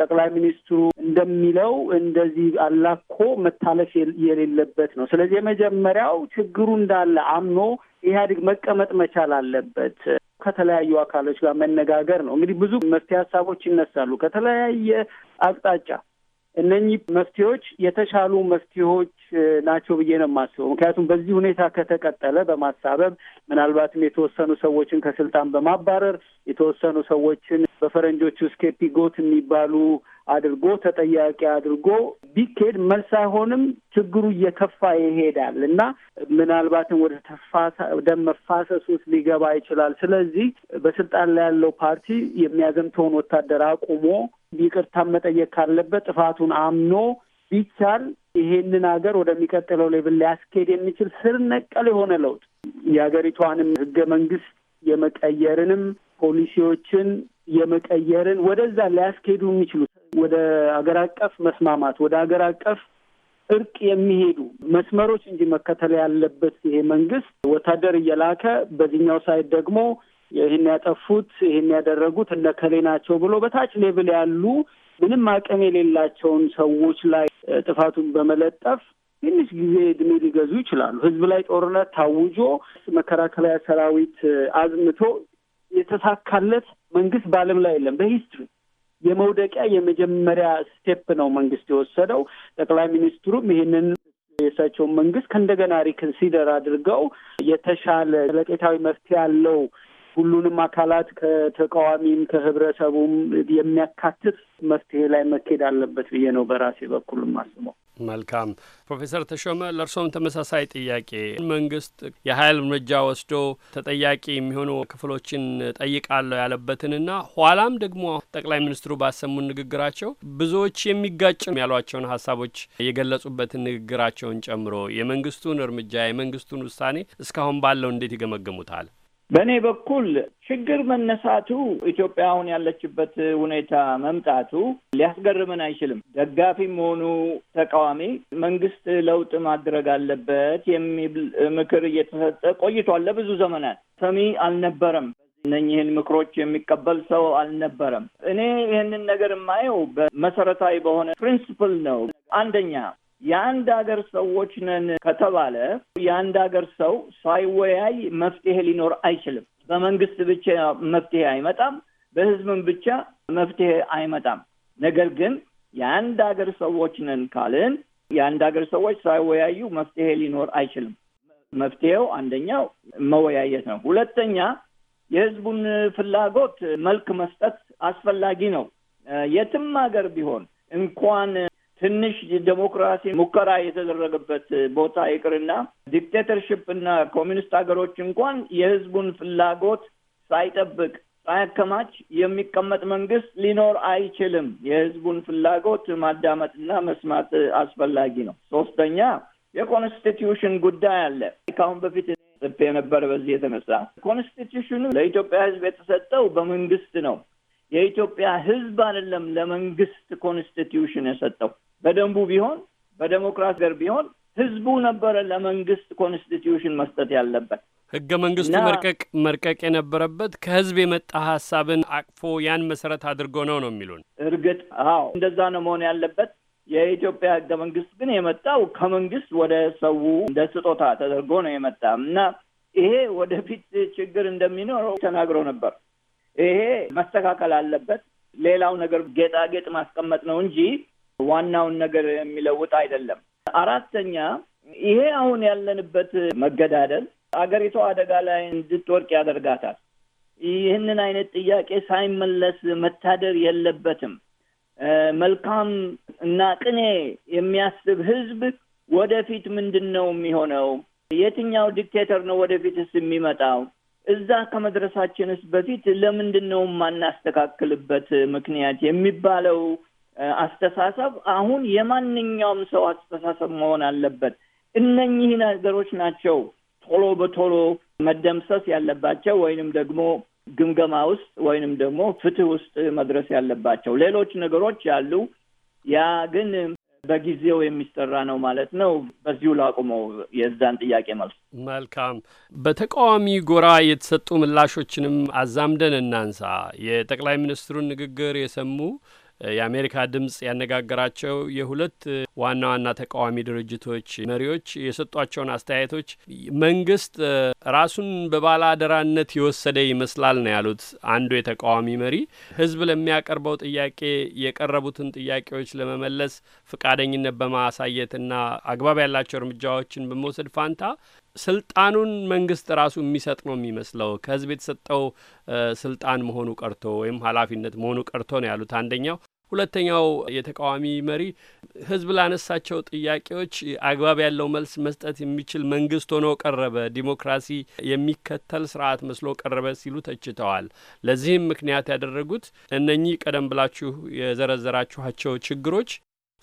ጠቅላይ ሚኒስትሩ እንደሚለው እንደዚህ አላኮ መታለፍ የሌለበት ነው። ስለዚህ የመጀመሪያው ችግሩ እንዳለ አምኖ ኢህአዴግ መቀመጥ መቻል አለበት። ከተለያዩ አካሎች ጋር መነጋገር ነው። እንግዲህ ብዙ መፍትሄ ሀሳቦች ይነሳሉ ከተለያየ አቅጣጫ እነኚህ መፍትሄዎች የተሻሉ መፍትሄዎች ናቸው ብዬ ነው የማስበው። ምክንያቱም በዚህ ሁኔታ ከተቀጠለ በማሳበብ ምናልባትም የተወሰኑ ሰዎችን ከስልጣን በማባረር የተወሰኑ ሰዎችን በፈረንጆቹ ስኬፒ ጎት የሚባሉ አድርጎ ተጠያቂ አድርጎ ቢኬድ መልስ አይሆንም። ችግሩ እየከፋ ይሄዳል እና ምናልባትም ወደ ደም መፋሰስ ውስጥ ሊገባ ይችላል። ስለዚህ በስልጣን ላይ ያለው ፓርቲ የሚያዘምተውን ወታደር አቁሞ ይቅርታ መጠየቅ ካለበት ጥፋቱን አምኖ ቢቻል ይሄንን ሀገር ወደሚቀጥለው ሌብል ሊያስኬድ የሚችል ስር ነቀል የሆነ ለውጥ የሀገሪቷንም ህገ መንግስት የመቀየርንም ፖሊሲዎችን የመቀየርን ወደዛ ሊያስኬዱ የሚችሉ ወደ ሀገር አቀፍ መስማማት ወደ ሀገር አቀፍ እርቅ የሚሄዱ መስመሮች እንጂ መከተል ያለበት ይሄ መንግስት ወታደር እየላከ በዚህኛው ሳይድ ደግሞ ይህን ያጠፉት ይህን ያደረጉት እነ ከሌ ናቸው ብሎ በታች ሌብል ያሉ ምንም አቅም የሌላቸውን ሰዎች ላይ ጥፋቱን በመለጠፍ ትንሽ ጊዜ እድሜ ሊገዙ ይችላሉ። ህዝብ ላይ ጦርነት ታውጆ መከላከያ ሰራዊት አዝምቶ የተሳካለት መንግስት በዓለም ላይ የለም በሂስትሪ የመውደቂያ የመጀመሪያ ስቴፕ ነው መንግስት የወሰደው። ጠቅላይ ሚኒስትሩም ይህንን የእሳቸውን መንግስት ከእንደገና ሪኮንሲደር አድርገው የተሻለ ለቄታዊ መፍትሄ ያለው ሁሉንም አካላት ከተቃዋሚም ከህብረተሰቡም የሚያካትት መፍትሄ ላይ መኬድ አለበት ብዬ ነው በራሴ በኩል ማስበው መልካም ፕሮፌሰር ተሾመ ለእርስዎም ተመሳሳይ ጥያቄ። መንግስት የኃይል እርምጃ ወስዶ ተጠያቂ የሚሆኑ ክፍሎችን ጠይቃለሁ ያለበትንና ኋላም ደግሞ ጠቅላይ ሚኒስትሩ ባሰሙን ንግግራቸው ብዙዎች የሚጋጭ ያሏቸውን ሀሳቦች የገለጹበትን ንግግራቸውን ጨምሮ የመንግስቱን እርምጃ የመንግስቱን ውሳኔ እስካሁን ባለው እንዴት ይገመገሙታል? በእኔ በኩል ችግር መነሳቱ ኢትዮጵያ አሁን ያለችበት ሁኔታ መምጣቱ ሊያስገርምን አይችልም። ደጋፊም ሆኑ ተቃዋሚ መንግስት ለውጥ ማድረግ አለበት የሚል ምክር እየተሰጠ ቆይቷል። ለብዙ ዘመናት ሰሚ አልነበረም። እነኚህን ምክሮች የሚቀበል ሰው አልነበረም። እኔ ይህንን ነገር የማየው በመሰረታዊ በሆነ ፕሪንስፕል ነው። አንደኛ የአንድ ሀገር ሰዎች ነን ከተባለ የአንድ ሀገር ሰው ሳይወያይ መፍትሄ ሊኖር አይችልም። በመንግስት ብቻ መፍትሄ አይመጣም፣ በህዝብም ብቻ መፍትሄ አይመጣም። ነገር ግን የአንድ ሀገር ሰዎች ነን ካልን የአንድ ሀገር ሰዎች ሳይወያዩ መፍትሄ ሊኖር አይችልም። መፍትሄው አንደኛው መወያየት ነው። ሁለተኛ የህዝቡን ፍላጎት መልክ መስጠት አስፈላጊ ነው። የትም ሀገር ቢሆን እንኳን ትንሽ ዲሞክራሲ ሙከራ የተደረገበት ቦታ ይቅርና ዲክቴተርሽፕ እና ኮሚኒስት ሀገሮች እንኳን የህዝቡን ፍላጎት ሳይጠብቅ ሳያከማች የሚቀመጥ መንግስት ሊኖር አይችልም። የህዝቡን ፍላጎት ማዳመጥና መስማት አስፈላጊ ነው። ሶስተኛ የኮንስቲትዩሽን ጉዳይ አለ። ከአሁን በፊት ጽፌ የነበረ በዚህ የተነሳ ኮንስቲትዩሽኑ ለኢትዮጵያ ህዝብ የተሰጠው በመንግስት ነው። የኢትዮጵያ ህዝብ አይደለም ለመንግስት ኮንስቲትዩሽን የሰጠው። በደንቡ ቢሆን በዴሞክራሲ ገር ቢሆን ህዝቡ ነበረ ለመንግስት ኮንስቲትዩሽን መስጠት ያለበት። ህገ መንግስቱ መርቀቅ መርቀቅ የነበረበት ከህዝብ የመጣ ሀሳብን አቅፎ ያን መሰረት አድርጎ ነው ነው የሚሉን። እርግጥ አዎ፣ እንደዛ ነው መሆን ያለበት። የኢትዮጵያ ህገ መንግስት ግን የመጣው ከመንግስት ወደ ሰው እንደ ስጦታ ተደርጎ ነው የመጣ እና ይሄ ወደፊት ችግር እንደሚኖረው ተናግሮ ነበር። ይሄ መስተካከል አለበት። ሌላው ነገር ጌጣጌጥ ማስቀመጥ ነው እንጂ ዋናውን ነገር የሚለውጥ አይደለም። አራተኛ ይሄ አሁን ያለንበት መገዳደል አገሪቷ አደጋ ላይ እንድትወድቅ ያደርጋታል። ይህንን አይነት ጥያቄ ሳይመለስ መታደር የለበትም። መልካም እና ቅኔ የሚያስብ ህዝብ ወደፊት ምንድን ነው የሚሆነው? የትኛው ዲክቴተር ነው ወደፊትስ የሚመጣው? እዛ ከመድረሳችንስ በፊት ለምንድን ነው የማናስተካክልበት ምክንያት የሚባለው አስተሳሰብ አሁን የማንኛውም ሰው አስተሳሰብ መሆን አለበት። እነኚህ ነገሮች ናቸው ቶሎ በቶሎ መደምሰስ ያለባቸው ወይንም ደግሞ ግምገማ ውስጥ ወይንም ደግሞ ፍትህ ውስጥ መድረስ ያለባቸው። ሌሎች ነገሮች ያሉ ያ ግን በጊዜው የሚሰራ ነው ማለት ነው። በዚሁ ላቁመው የዛን ጥያቄ መልስ። መልካም። በተቃዋሚ ጎራ የተሰጡ ምላሾችንም አዛምደን እናንሳ። የጠቅላይ ሚኒስትሩን ንግግር የሰሙ የአሜሪካ ድምጽ ያነጋገራቸው የሁለት ዋና ዋና ተቃዋሚ ድርጅቶች መሪዎች የሰጧቸውን አስተያየቶች መንግስት ራሱን በባለ አደራነት የወሰደ ይመስላል ነው ያሉት። አንዱ የተቃዋሚ መሪ ህዝብ ለሚያቀርበው ጥያቄ የቀረቡትን ጥያቄዎች ለመመለስ ፈቃደኝነት በማሳየትና አግባብ ያላቸው እርምጃዎችን በመውሰድ ፋንታ ስልጣኑን መንግስት ራሱ የሚሰጥ ነው የሚመስለው ከህዝብ የተሰጠው ስልጣን መሆኑ ቀርቶ ወይም ኃላፊነት መሆኑ ቀርቶ ነው ያሉት አንደኛው። ሁለተኛው የተቃዋሚ መሪ ህዝብ ላነሳቸው ጥያቄዎች አግባብ ያለው መልስ መስጠት የሚችል መንግስት ሆኖ ቀረበ፣ ዲሞክራሲ የሚከተል ስርዓት መስሎ ቀረበ ሲሉ ተችተዋል። ለዚህም ምክንያት ያደረጉት እነኚህ ቀደም ብላችሁ የዘረዘራችኋቸው ችግሮች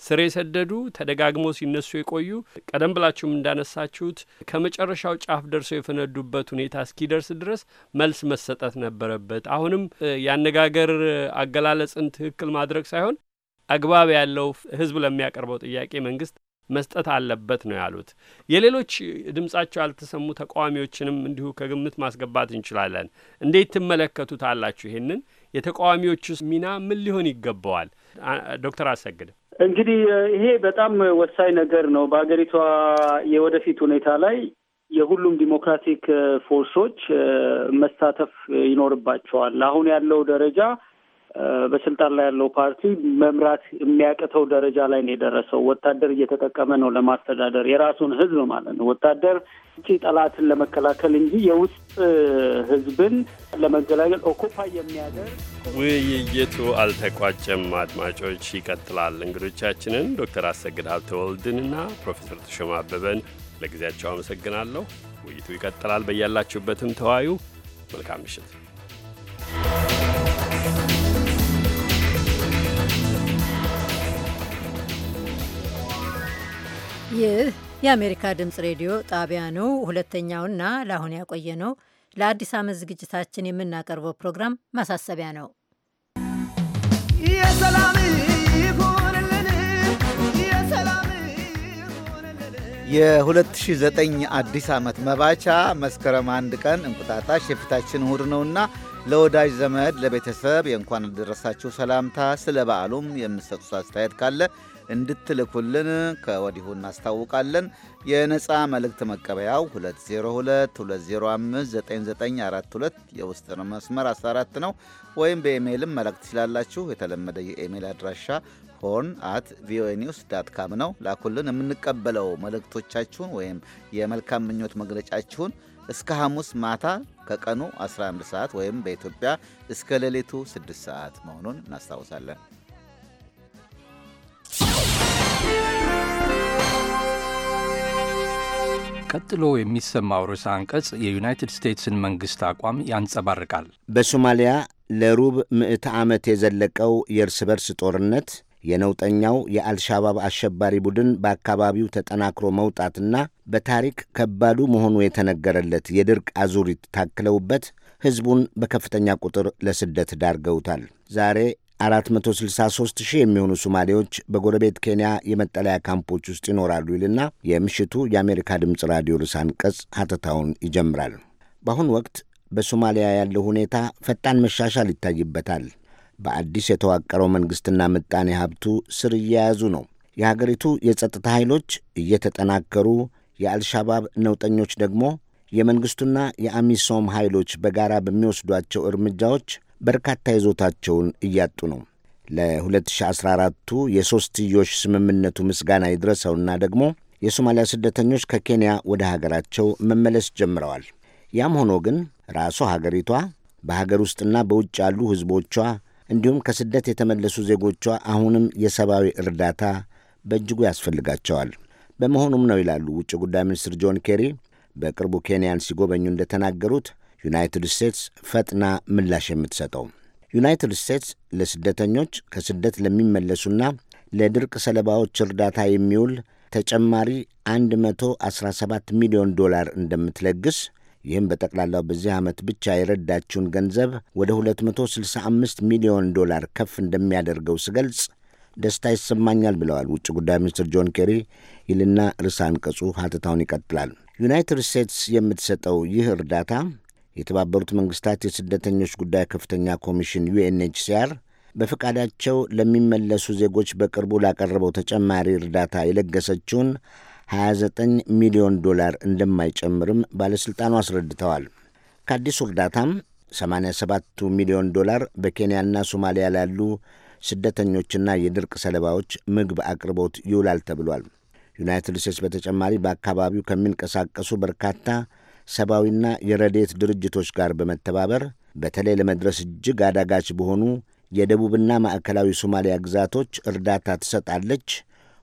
ስር የሰደዱ ተደጋግሞ ሲነሱ የቆዩ ቀደም ብላችሁም እንዳነሳችሁት ከመጨረሻው ጫፍ ደርሰው የፈነዱበት ሁኔታ እስኪደርስ ድረስ መልስ መሰጠት ነበረበት። አሁንም የአነጋገር አገላለጽን ትክክል ማድረግ ሳይሆን አግባብ ያለው ህዝብ ለሚያቀርበው ጥያቄ መንግስት መስጠት አለበት ነው ያሉት። የሌሎች ድምጻቸው ያልተሰሙ ተቃዋሚዎችንም እንዲሁ ከግምት ማስገባት እንችላለን። እንዴት ትመለከቱታላችሁ ይህንን የተቃዋሚዎቹስ ሚና ምን ሊሆን ይገባዋል? ዶክተር አሰግድ እንግዲህ ይሄ በጣም ወሳኝ ነገር ነው። በሀገሪቷ የወደፊት ሁኔታ ላይ የሁሉም ዲሞክራቲክ ፎርሶች መሳተፍ ይኖርባቸዋል። አሁን ያለው ደረጃ በስልጣን ላይ ያለው ፓርቲ መምራት የሚያቅተው ደረጃ ላይ ነው የደረሰው። ወታደር እየተጠቀመ ነው ለማስተዳደር የራሱን ህዝብ ማለት ነው። ወታደር ውጭ ጠላትን ለመከላከል እንጂ የውስጥ ህዝብን ለመገላገል ኦኮፓ የሚያደርግ ውይይቱ አልተቋጨም። አድማጮች ይቀጥላል። እንግዶቻችንን ዶክተር አሰግድ ሀብተወልድንና ፕሮፌሰር ተሾማ አበበን ለጊዜያቸው አመሰግናለሁ። ውይይቱ ይቀጥላል። በያላችሁበትም ተዋዩ። መልካም ምሽት። ይህ የአሜሪካ ድምፅ ሬዲዮ ጣቢያ ነው። ሁለተኛውና ለአሁን ያቆየ ነው። ለአዲስ ዓመት ዝግጅታችን የምናቀርበው ፕሮግራም ማሳሰቢያ ነው። የ2009 አዲስ ዓመት መባቻ መስከረም አንድ ቀን እንቁጣጣሽ የፊታችን እሁድ ነውና ለወዳጅ ዘመድ፣ ለቤተሰብ የእንኳን ደረሳችሁ ሰላምታ ስለ በዓሉም የምትሰጡት አስተያየት ካለ እንድትልኩልን ከወዲሁ እናስታውቃለን። የነፃ መልእክት መቀበያው 2022059942 የውስጥ መስመር 14 ነው። ወይም በኢሜይልም መልእክት ትችላላችሁ። የተለመደ የኢሜይል አድራሻ ሆርን አት ቪኦኤ ኒውስ ዳት ካም ነው። ላኩልን። የምንቀበለው መልእክቶቻችሁን ወይም የመልካም ምኞት መግለጫችሁን እስከ ሐሙስ ማታ ከቀኑ 11 ሰዓት ወይም በኢትዮጵያ እስከ ሌሊቱ 6 ሰዓት መሆኑን እናስታውሳለን። ቀጥሎ የሚሰማው ርዕሰ አንቀጽ የዩናይትድ ስቴትስን መንግሥት አቋም ያንጸባርቃል። በሶማሊያ ለሩብ ምዕተ ዓመት የዘለቀው የእርስ በርስ ጦርነት የነውጠኛው የአልሻባብ አሸባሪ ቡድን በአካባቢው ተጠናክሮ መውጣትና በታሪክ ከባዱ መሆኑ የተነገረለት የድርቅ አዙሪት ታክለውበት ሕዝቡን በከፍተኛ ቁጥር ለስደት ዳርገውታል። ዛሬ 463 ሺህ የሚሆኑ ሶማሌዎች በጎረቤት ኬንያ የመጠለያ ካምፖች ውስጥ ይኖራሉ ይልና የምሽቱ የአሜሪካ ድምፅ ራዲዮ ርዕሰ አንቀጽ ሐተታውን ይጀምራል። በአሁኑ ወቅት በሶማሊያ ያለው ሁኔታ ፈጣን መሻሻል ይታይበታል። በአዲስ የተዋቀረው መንግሥትና ምጣኔ ሀብቱ ስር እየያዙ ነው። የሀገሪቱ የጸጥታ ኃይሎች እየተጠናከሩ፣ የአልሻባብ ነውጠኞች ደግሞ የመንግሥቱና የአሚሶም ኃይሎች በጋራ በሚወስዷቸው እርምጃዎች በርካታ ይዞታቸውን እያጡ ነው። ለ2014ቱ የሦስትዮሽ ስምምነቱ ምስጋና ይድረሰውና ደግሞ የሶማሊያ ስደተኞች ከኬንያ ወደ ሀገራቸው መመለስ ጀምረዋል። ያም ሆኖ ግን ራሷ ሀገሪቷ በሀገር ውስጥና በውጭ ያሉ ሕዝቦቿ እንዲሁም ከስደት የተመለሱ ዜጎቿ አሁንም የሰብአዊ እርዳታ በእጅጉ ያስፈልጋቸዋል። በመሆኑም ነው ይላሉ ውጭ ጉዳይ ሚኒስትር ጆን ኬሪ በቅርቡ ኬንያን ሲጎበኙ እንደተናገሩት ዩናይትድ ስቴትስ ፈጥና ምላሽ የምትሰጠው። ዩናይትድ ስቴትስ ለስደተኞች ከስደት ለሚመለሱና ለድርቅ ሰለባዎች እርዳታ የሚውል ተጨማሪ 117 ሚሊዮን ዶላር እንደምትለግስ ይህም በጠቅላላው በዚህ ዓመት ብቻ የረዳችውን ገንዘብ ወደ 265 ሚሊዮን ዶላር ከፍ እንደሚያደርገው ስገልጽ ደስታ ይሰማኛል ብለዋል ውጭ ጉዳይ ሚኒስትር ጆን ኬሪ ይልና ርዕሰ አንቀጹ ሀተታውን ይቀጥላል። ዩናይትድ ስቴትስ የምትሰጠው ይህ እርዳታ የተባበሩት መንግስታት የስደተኞች ጉዳይ ከፍተኛ ኮሚሽን ዩኤንኤችሲአር በፈቃዳቸው ለሚመለሱ ዜጎች በቅርቡ ላቀረበው ተጨማሪ እርዳታ የለገሰችውን 29 ሚሊዮን ዶላር እንደማይጨምርም ባለሥልጣኑ አስረድተዋል። ከአዲሱ እርዳታም 87 ሚሊዮን ዶላር በኬንያና ሶማሊያ ላሉ ስደተኞችና የድርቅ ሰለባዎች ምግብ አቅርቦት ይውላል ተብሏል። ዩናይትድ ስቴትስ በተጨማሪ በአካባቢው ከሚንቀሳቀሱ በርካታ ሰብአዊና የረዴት ድርጅቶች ጋር በመተባበር በተለይ ለመድረስ እጅግ አዳጋች በሆኑ የደቡብና ማዕከላዊ ሶማሊያ ግዛቶች እርዳታ ትሰጣለች፣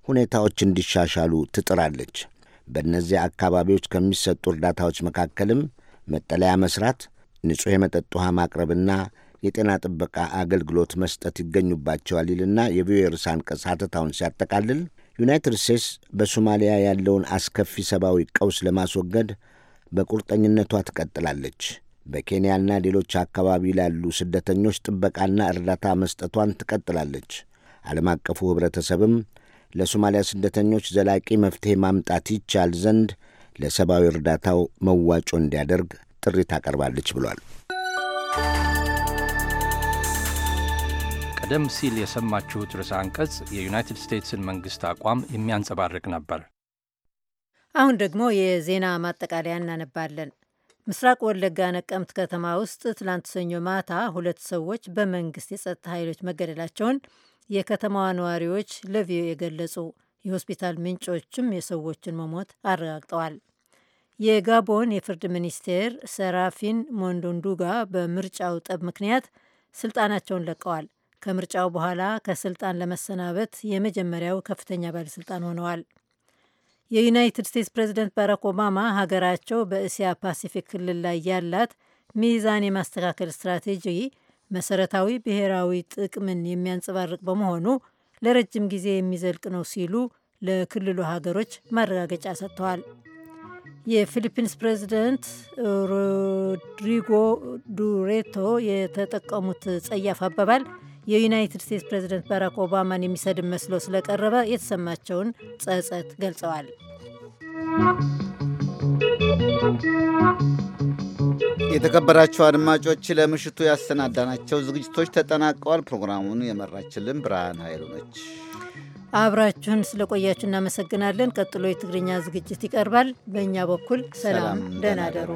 ሁኔታዎች እንዲሻሻሉ ትጥራለች። በእነዚያ አካባቢዎች ከሚሰጡ እርዳታዎች መካከልም መጠለያ መስራት፣ ንጹሕ የመጠጥ ውሃ ማቅረብና የጤና ጥበቃ አገልግሎት መስጠት ይገኙባቸዋል ይልና የቪኦኤ ርዕሰ አንቀጽ ሐተታውን ሲያጠቃልል ዩናይትድ ስቴትስ በሶማሊያ ያለውን አስከፊ ሰብአዊ ቀውስ ለማስወገድ በቁርጠኝነቷ ትቀጥላለች። በኬንያና ሌሎች አካባቢ ላሉ ስደተኞች ጥበቃና እርዳታ መስጠቷን ትቀጥላለች። ዓለም አቀፉ ኅብረተሰብም ለሶማሊያ ስደተኞች ዘላቂ መፍትሔ ማምጣት ይቻል ዘንድ ለሰብአዊ እርዳታው መዋጮ እንዲያደርግ ጥሪ ታቀርባለች ብሏል። ቀደም ሲል የሰማችሁት ርዕሰ አንቀጽ የዩናይትድ ስቴትስን መንግሥት አቋም የሚያንጸባርቅ ነበር። አሁን ደግሞ የዜና ማጠቃለያ እናነባለን። ምስራቅ ወለጋ ነቀምት ከተማ ውስጥ ትላንት ሰኞ ማታ ሁለት ሰዎች በመንግስት የጸጥታ ኃይሎች መገደላቸውን የከተማዋ ነዋሪዎች ለቪኦኤ የገለጹ። የሆስፒታል ምንጮችም የሰዎችን መሞት አረጋግጠዋል። የጋቦን የፍርድ ሚኒስቴር ሰራፊን ሞንዶንዱጋ በምርጫው ጠብ ምክንያት ስልጣናቸውን ለቀዋል። ከምርጫው በኋላ ከስልጣን ለመሰናበት የመጀመሪያው ከፍተኛ ባለስልጣን ሆነዋል። የዩናይትድ ስቴትስ ፕሬዚደንት ባራክ ኦባማ ሀገራቸው በእስያ ፓሲፊክ ክልል ላይ ያላት ሚዛን የማስተካከል ስትራቴጂ መሰረታዊ ብሔራዊ ጥቅምን የሚያንጸባርቅ በመሆኑ ለረጅም ጊዜ የሚዘልቅ ነው ሲሉ ለክልሉ ሀገሮች ማረጋገጫ ሰጥተዋል። የፊሊፒንስ ፕሬዚደንት ሮድሪጎ ዱሬቶ የተጠቀሙት ጸያፍ አባባል የዩናይትድ ስቴትስ ፕሬዚደንት ባራክ ኦባማን የሚሰድብ መስሎ ስለቀረበ የተሰማቸውን ጸጸት ገልጸዋል። የተከበራችሁ አድማጮች ለምሽቱ ያሰናዳናቸው ዝግጅቶች ተጠናቀዋል። ፕሮግራሙን የመራችልን ብርሃን ኃይሉ ነች። አብራችሁን ስለቆያችሁ እናመሰግናለን። ቀጥሎ የትግርኛ ዝግጅት ይቀርባል። በእኛ በኩል ሰላም፣ ደህና ደሩ።